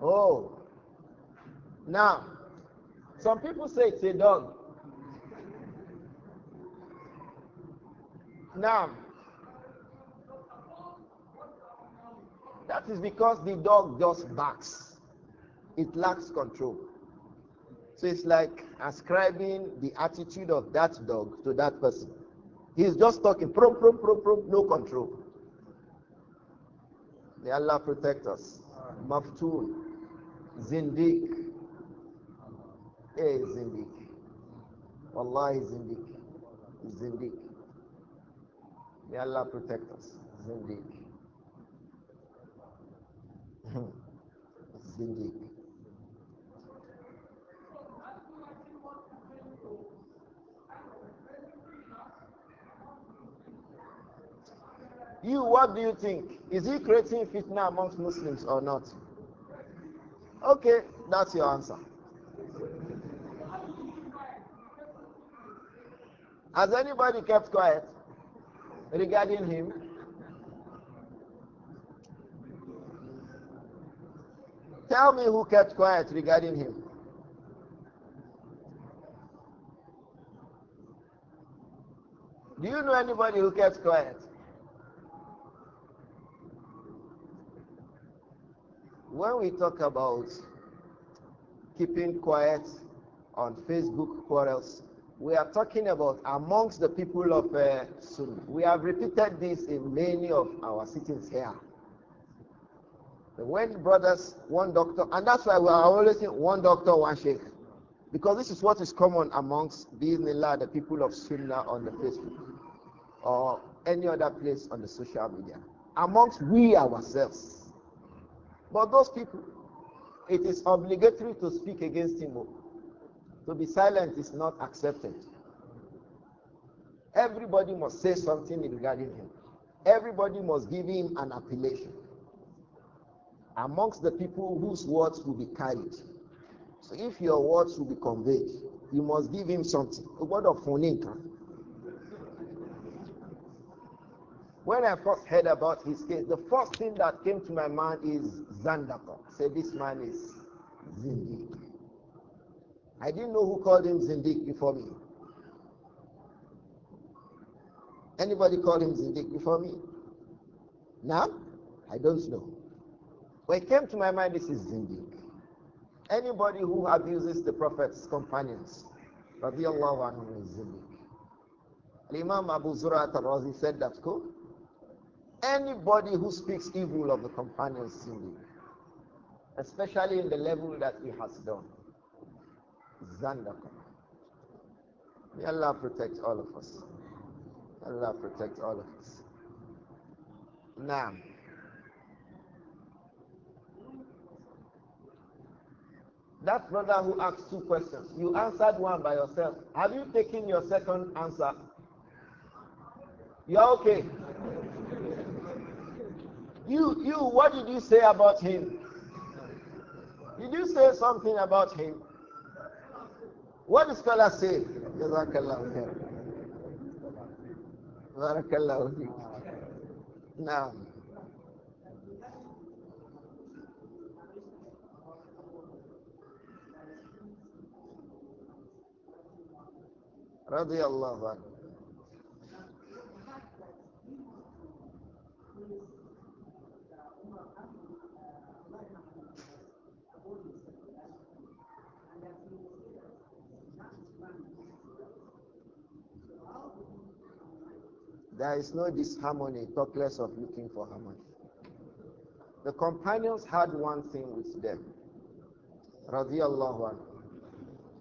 Oh. Now, some people say it's a dog. Now, that is because the dog just barks. It lacks control. So it's like ascribing the attitude of that dog to that person. He's just talking, pro, pro, pro, pro, no control. May Allah protect us. Maftun, Zindiq, eh zindiq wallahi Zindik, Zindik. may allah protect us Zindik. Zindik. You, what do you think? Is he creating fitna amongst Muslims or not? Okay, that's your answer. Has anybody kept quiet regarding him? Tell me who kept quiet regarding him. Do you know anybody who kept quiet? When we talk about keeping quiet on Facebook quarrels, we are talking about amongst the people of uh, We have repeated this in many of our sittings here. one brothers, one doctor, and that's why we are always saying one doctor, one sheikh. Because this is what is common amongst Bismillah, the people of Sunnah on the Facebook or any other place on the social media. Amongst we ourselves. But those people, it is obligatory to speak against him. To be silent is not accepted. Everybody must say something regarding him. Everybody must give him an appellation. Amongst the people whose words will be carried. So if your words will be conveyed, you must give him something. A word of Funinka. When I first heard about his case, the first thing that came to my mind is Zandaka. Say this man is Zindi. I didn't know who called him Zindiq before me. Anybody called him Zindiq before me? Now? I don't know. When it came to my mind, this is Zindiq. Anybody who abuses the Prophet's companions, radiallahu anhu, is Zindiq. Al Imam Abu Zurat al-Razi said that, cool? Anybody who speaks evil of the companions, Zindiq. Especially in the level that he has done. Zandaka. May Allah protect all of us. Allah protect all of us. Now, That brother who asked two questions, you answered one by yourself. Have you taken your second answer? You're okay. You, you, what did you say about him? Did you say something about him? وبسكولا سيل جزاك الله خير بارك الله فيك نعم رضي الله عنه There is no disharmony, talk less of looking for harmony. The companions had one thing with them.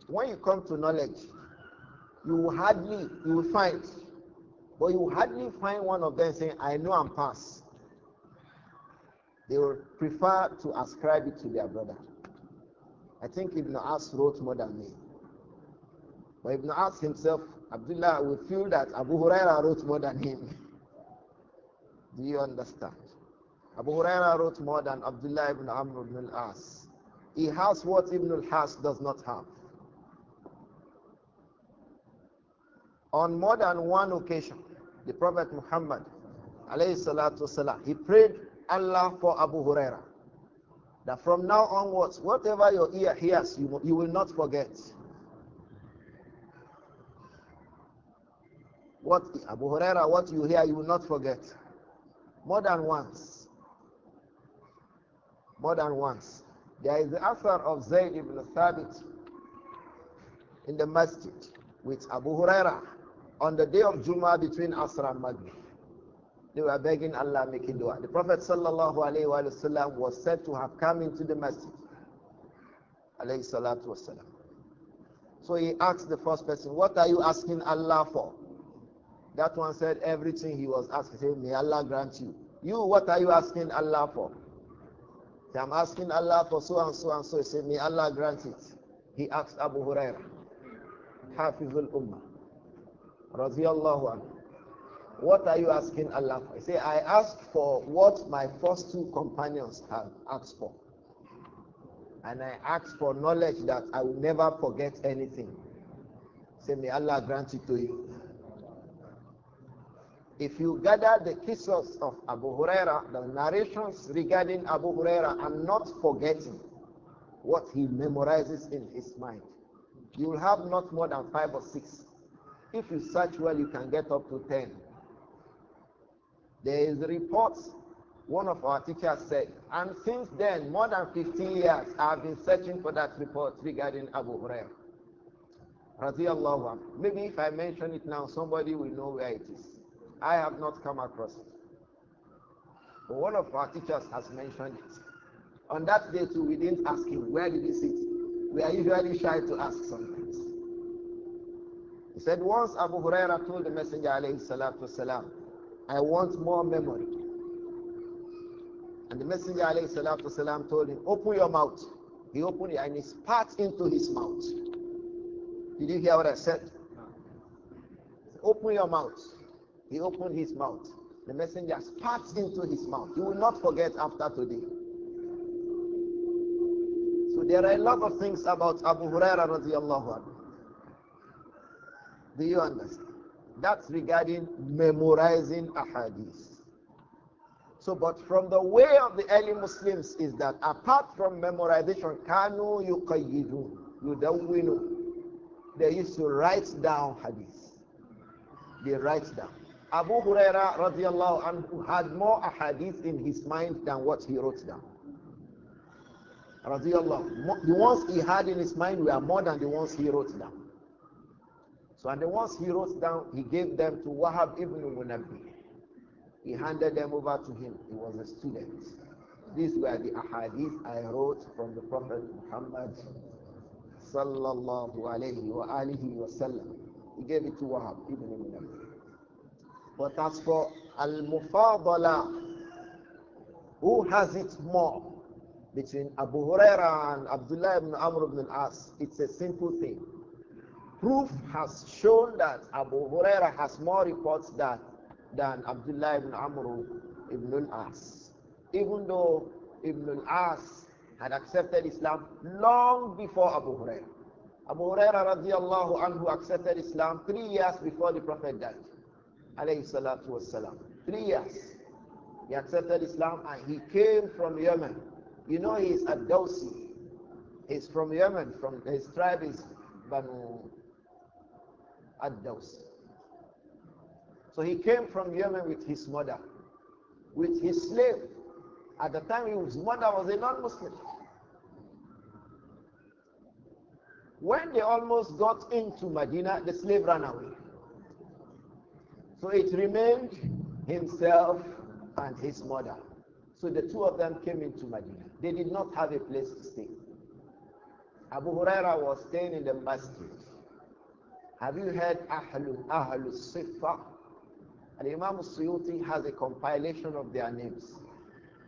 When you come to knowledge, you will hardly, you will find, but you will hardly find one of them saying, I know I'm past. They will prefer to ascribe it to their brother. I think Ibn As wrote more than me. But Ibn As himself Abdullah will feel that Abu Huraira wrote more than him. Do you understand? Abu Huraira wrote more than Abdullah ibn Amr ibn al-As. He has what Ibn al-Has does not have. On more than one occasion, the Prophet Muhammad, والسلام, he prayed Allah for Abu Huraira. That from now onwards, whatever your ear hears, you, you will not forget. What Abu Huraira, what you hear, you will not forget. More than once. More than once. There is the asr of Zayd ibn Thabit in the masjid with Abu Huraira on the day of Jummah between Asr and Maghrib. They were begging Allah making dua. The Prophet sallallahu alaihi wasallam was said to have come into the masjid. Alayhi salatu So he asked the first person, What are you asking Allah for? That one said everything he was asking. He said, May Allah grant you. You, what are you asking Allah for? I'm asking Allah for so and so and so. He said, May Allah grant it. He asked Abu Huraira, Hafizul Ummah, Raziallahu What are you asking Allah for? He said, I asked for what my first two companions have asked for. And I asked for knowledge that I will never forget anything. Say, may Allah grant it to you. If you gather the kisses of Abu Huraira, the narrations regarding Abu Huraira, and not forgetting what he memorizes in his mind, you will have not more than five or six. If you search well, you can get up to ten. There is reports one of our teachers said, and since then, more than 15 years, I've been searching for that report regarding Abu Hurairah. Maybe if I mention it now, somebody will know where it is. I have not come across it. But one of our teachers has mentioned it. On that day too, we didn't ask him where did he sit. We are usually shy to ask sometimes. He said once Abu Huraira told the Messenger salatu I want more memory. And the Messenger alayhi salatu told him, Open your mouth. He opened it and he spat into his mouth. Did you hear what I said? Open your mouth. He opened his mouth. The messenger spat into his mouth. You will not forget after today. So there are a lot of things about Abu Huraira radiallahu anhu. Do you understand? That's regarding memorizing ahadith. So, but from the way of the early Muslims is that apart from memorization, kanu yuqayyidun, yudawwinu. They used to write down hadith. They write down. Abu Huraira radiallahu anhu had more ahadith in his mind than what he wrote down. Radiallahu. The ones he had in his mind were more than the ones he wrote down. So, and the ones he wrote down, he gave them to Wahab ibn Munabbi. He handed them over to him. He was a student. These were the ahadith I wrote from the Prophet Muhammad sallallahu alayhi wa alihi wa sallam. He gave it to Wahab ibn Munabbi. But as for Al Mufadala, who has it more between Abu Huraira and Abdullah ibn Amr ibn as It's a simple thing. Proof has shown that Abu Huraira has more reports that, than Abdullah ibn Amr ibn as Even though ibn as had accepted Islam long before Abu Huraira. Abu Huraira radiallahu anhu accepted Islam three years before the Prophet died alayhi salatu Three years. He accepted Islam and he came from Yemen. You know he is a Dawsi. He's from Yemen, from his tribe is Banu Ad-Dawsi. So he came from Yemen with his mother, with his slave. At the time his mother was a non-Muslim. When they almost got into Medina, the slave ran away. So it remained himself and his mother. So the two of them came into Medina. They did not have a place to stay. Abu Huraira was staying in the masjid. Have you heard Ahlu Ahlu Sifa? And Imam Suyuti has a compilation of their names.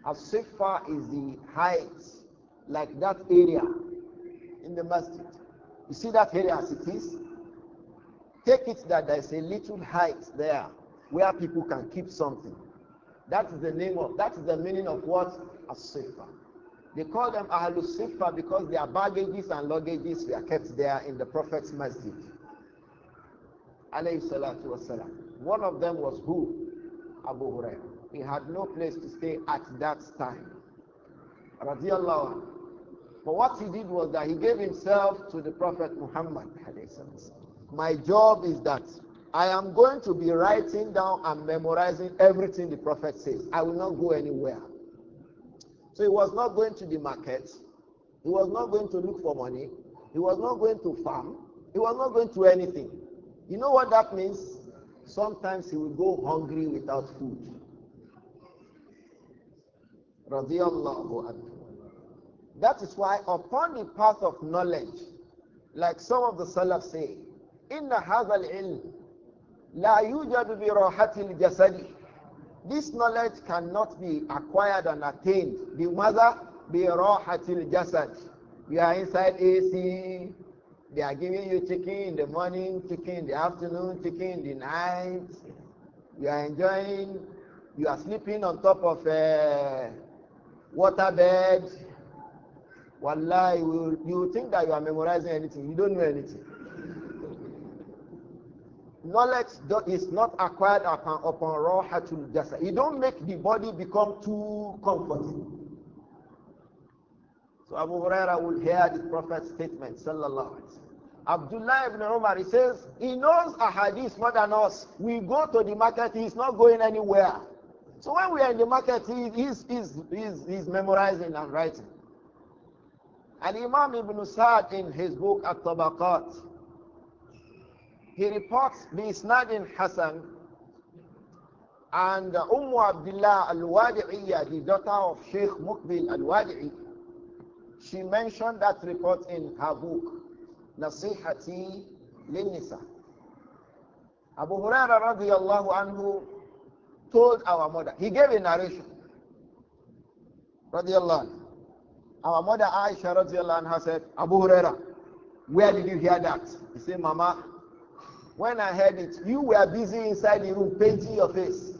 Ah sifa is the heights, like that area in the masjid. You see that area as it is? Take it that there is a little height there where people can keep something. That is the name of, that is the meaning of what? a Asifa. They call them Ahlus because their baggages and luggages were kept there in the Prophet's masjid. salatu One of them was who? Abu Hurairah. He had no place to stay at that time. But what he did was that he gave himself to the Prophet Muhammad. My job is that I am going to be writing down and memorizing everything the prophet says. I will not go anywhere. So he was not going to the market. He was not going to look for money. He was not going to farm. He was not going to anything. You know what that means? Sometimes he will go hungry without food. That is why upon the path of knowledge, like some of the Salaf say, inna hazal ilm la yujadu bi rahatil jasadi. This knowledge cannot be acquired and attained. The mother bi rahatil jasad. You are inside AC. They are giving you chicken in the morning, chicken in the afternoon, chicken in the night. You are enjoying. You are sleeping on top of a water bed. Wallahi, you, you think that you are memorizing anything. You don't know anything. knowledge is not acquired upon, upon rahatul jasa. You don't make the body become too comfortable. So Abu Huraira will hear the Prophet's statement, sallallahu alaihi wasallam. Abdullah ibn Umar, he says, he knows a hadith more than us. We go to the market, he's not going anywhere. So when we are in the market, he is he's, he's, he's memorizing and writing. And Imam Ibn Sa'd in his book, At-Tabaqat, he reports the Isnadin Hassan and Umm Abdullah Al-Wadi'iyah, the daughter of Sheikh Mukbil Al-Wadi'i, she mentioned that report in her book, Nasihati Linnisa. nisa Abu Huraira radiallahu anhu told our mother, he gave a narration, radiallahu anhu. Our mother Aisha radiallahu anha said, Abu Huraira, where did you hear that? He said, Mama, when I heard it, you were busy inside the room painting your face.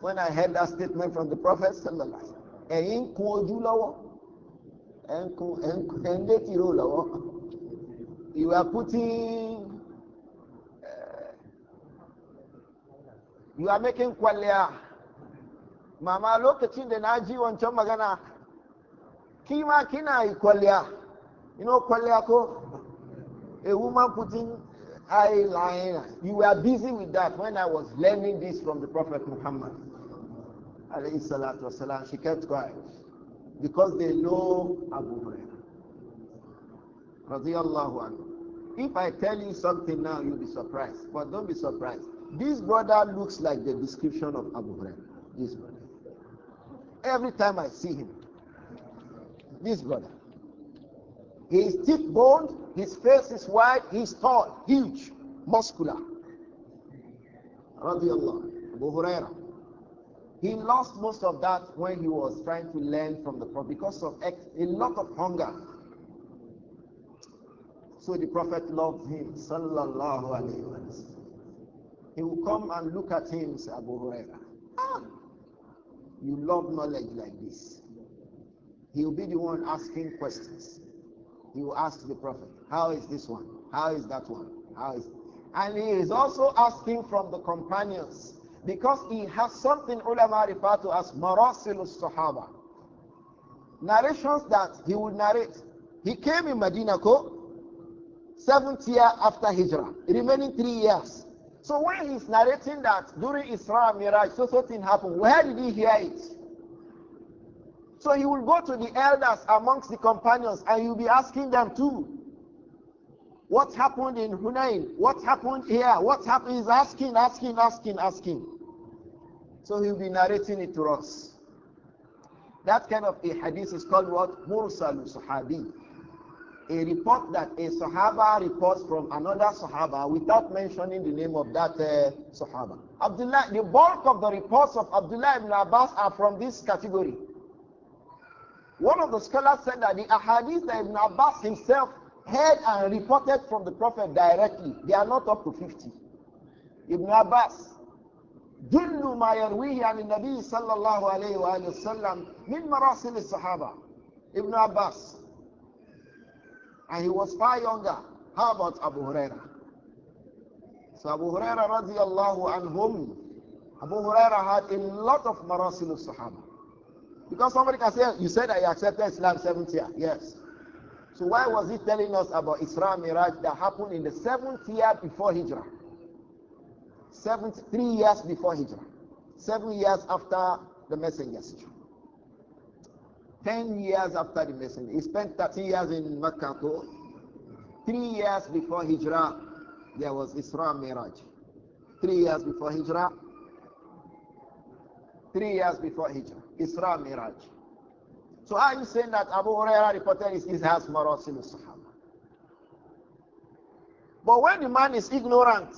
When I heard that statement from the Prophet, ẹ̀yin kun you are putting uh, you are making kwaliya mama lokacin da na ji wancan magana kima kina yi you know kwaliya ko a woman putting eyeliner. You were busy with that when I was learning this from the Prophet Muhammad. she kept quiet because they know Abu Hurairah. If I tell you something now, you'll be surprised. But don't be surprised. This brother looks like the description of Abu Hurairah. This brother. Every time I see him, this brother. He is thick boned, his face is wide, he's tall, huge, muscular. Radiallah, Abu Huraira. He lost most of that when he was trying to learn from the Prophet because of a lot of hunger. So the Prophet loved him, sallallahu alayhi wa He will come and look at him, Abu Huraira. Ah, you love knowledge like this. He'll be the one asking questions. He will ask the Prophet, How is this one? How is that one? How is. And he is also asking from the companions because he has something ulama refer to as marasilus sahaba. Narrations that he would narrate. He came in Medina co. seventh year after Hijrah, remaining three years. So when he's narrating that during Isra Miraj, so something happened, where did he hear it? So he will go to the elders amongst the companions and he'll be asking them too. What happened in Hunain? What happened here? What happened? He's asking, asking, asking, asking. So he'll be narrating it to us. That kind of a hadith is called what? Mursalu Sahabi. A report that a Sahaba reports from another Sahaba without mentioning the name of that uh, Sahaba. Abdullah, the bulk of the reports of Abdullah ibn Abbas are from this category. One of the scholars said that the ahadith that Ibn Abbas himself heard and reported from the Prophet directly, they are not up to 50. Ibn Abbas, جل ما يرويه عن النبي صلى الله عليه وآله وسلم من مراسل الصحابة Ibn Abbas and he was far younger how about Abu Huraira so Abu Huraira اللَّهُ عَنْهُمْ Abu Huraira had a lot of marasil of Sahaba because somebody can say, You said that you accepted Islam seventh year. Yes. So why was he telling us about Isra Miraj that happened in the seventh year before Hijrah? Seventh, three years before Hijrah. Seven years after the messenger's Ten years after the messenger. He spent 30 years in Makkah. Three years before Hijrah, there was Isra Miraj. Three years before Hijrah, Three years before Hijrah. Isra Miraj. So are you saying that Abu Huraira reported his Izhas Marasil Sahaba? But when the man is ignorant,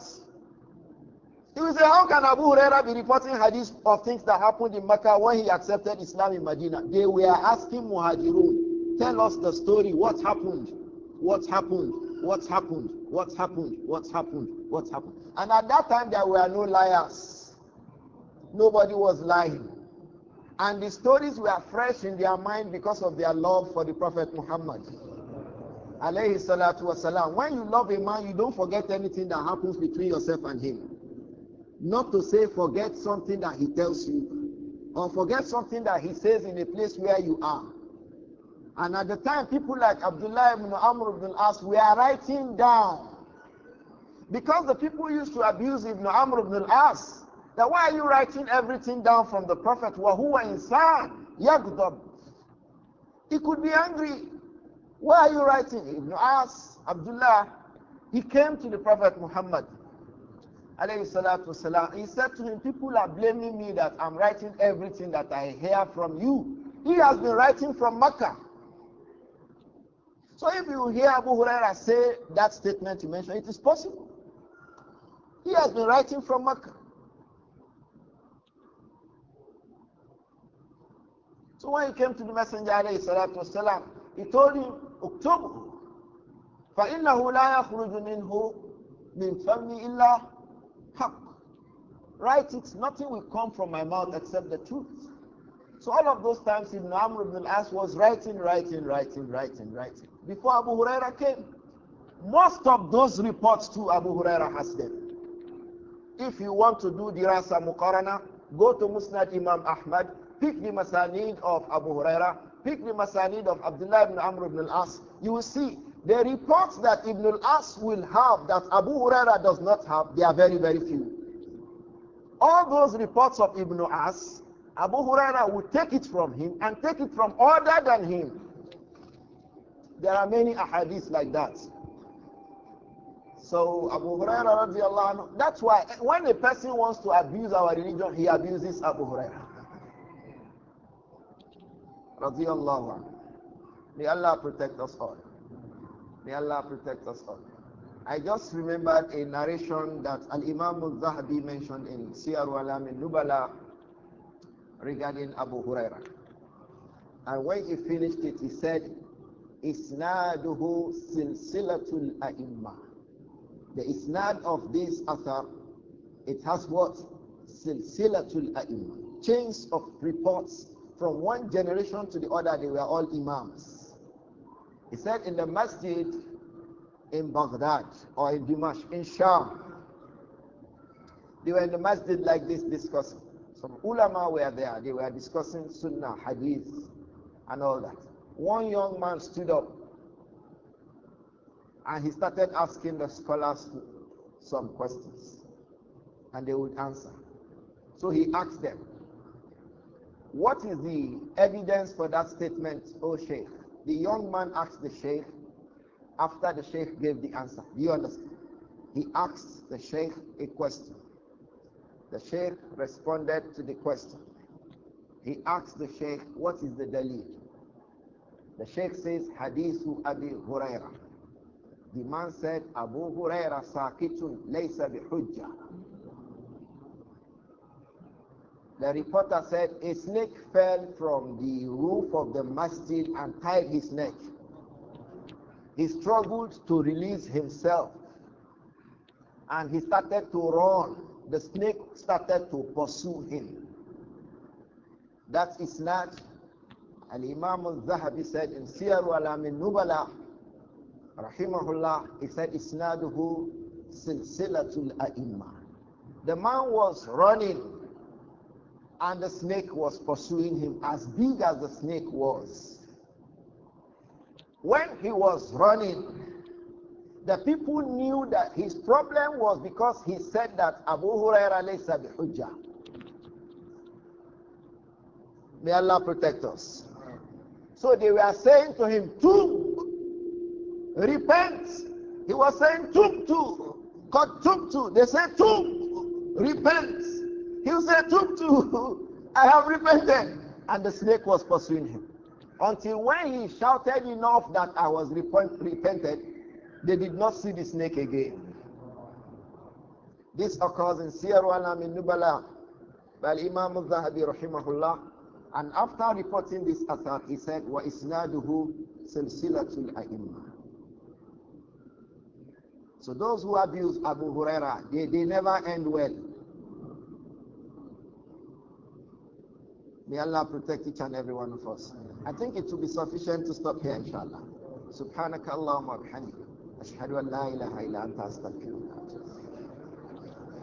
he will say, How can Abu Huraira be reporting hadith of things that happened in Mecca when he accepted Islam in Medina? They were asking Muhajirun, Tell us the story. What happened? What happened? What happened? What happened? What happened? What happened? And at that time, there were no liars. Nobody was lying. And the stories were fresh in their mind because of their love for the Prophet Muhammad. Alayhi salatu When you love a man, you don't forget anything that happens between yourself and him. Not to say forget something that he tells you, or forget something that he says in a place where you are. And at the time, people like Abdullah ibn Amr ibn As were writing down. Because the people used to abuse Ibn Amr ibn As, then why are you writing everything down from the Prophet? وَهُوَ إِنسَانٌ يَغْضَبُ He could be angry. Why are you writing? Ibn As, Abdullah, he came to the Prophet Muhammad. والسلام, he said to him, People are blaming me that I'm writing everything that I hear from you. He has been writing from Makkah. So if you hear Abu Huraira say that statement you mentioned, it is possible. He has been writing from Makkah. So when he came to the Messenger he told him, اكتبه فإنه لا يخرج منه من فمي إلا حق. Write it, nothing will come from my mouth except the truth. So all of those times Ibn Amr ibn al-As was writing, writing, writing, writing, writing. Before Abu Huraira came, most of those reports to Abu Huraira has them. If you want to do dirasa mukarana, go to Musnad Imam Ahmad Pick the Masanid of Abu Huraira, pick the Masanid of Abdullah ibn Amr ibn al-As. You will see the reports that Ibn al-As will have that Abu Huraira does not have, they are very, very few. All those reports of Ibn al-As, Abu Huraira will take it from him and take it from other than him. There are many ahadiths like that. So Abu Huraira, that's why when a person wants to abuse our religion, he abuses Abu Huraira. Radiallahu anhu. May Allah protect us all. May Allah protect us all. I just remembered a narration that Al Imam al Zahabi mentioned in Siyar Alam in Nubala regarding Abu Huraira. And when he finished it, he said, Isnaduhu silsilatul a'imma. The isnad of this author, it has what? Silsilatul a'imma. Chains of reports from one generation to the other, they were all imams. He said in the masjid in Baghdad or in Dimash, in Sham, they were in the masjid like this discussing. Some ulama were there, they were discussing sunnah, hadith, and all that. One young man stood up and he started asking the scholars some questions and they would answer. So he asked them, what is the evidence for that statement, O Sheikh? The young man asked the Sheikh after the Sheikh gave the answer. Do you understand? He asked the Sheikh a question. The Sheikh responded to the question. He asked the Sheikh, what is the dalil? The Sheikh says, Hadithu Abi Huraira. The man said, Abu Huraira sakitun laysa hujjah." The reporter said a snake fell from the roof of the masjid and tied his neck. He struggled to release himself and he started to run. The snake started to pursue him. That is not. And Imam al Zahabi said in Siyar al Nubala, Rahimahullah, he said, Isnaduhu silsilatul ai am The man was running and the snake was pursuing him as big as the snake was. When he was running, the people knew that his problem was because he said that Abu Huraira laysa May Allah protect us. So they were saying to him, Tub, repent. He was saying, Tub, tub, God, tub, tub. They said, Tub, repent. He said, Tubtu, I have repented. And the snake was pursuing him. Until when he shouted enough that I was repented, they did not see the snake again. This occurs in Sierra al in Nubala by Imam Zahabi rahimahullah. And after reporting this attack, he said, Wa isnaduhu silsilatul ai So those who abuse Abu Huraira, they, they never end well. May Allah protect each and every one of us. I think it will be sufficient to stop here, inshallah. سبحانك اللهم وبحمدك أشهد أن لا إله إلا أنت أستغفرك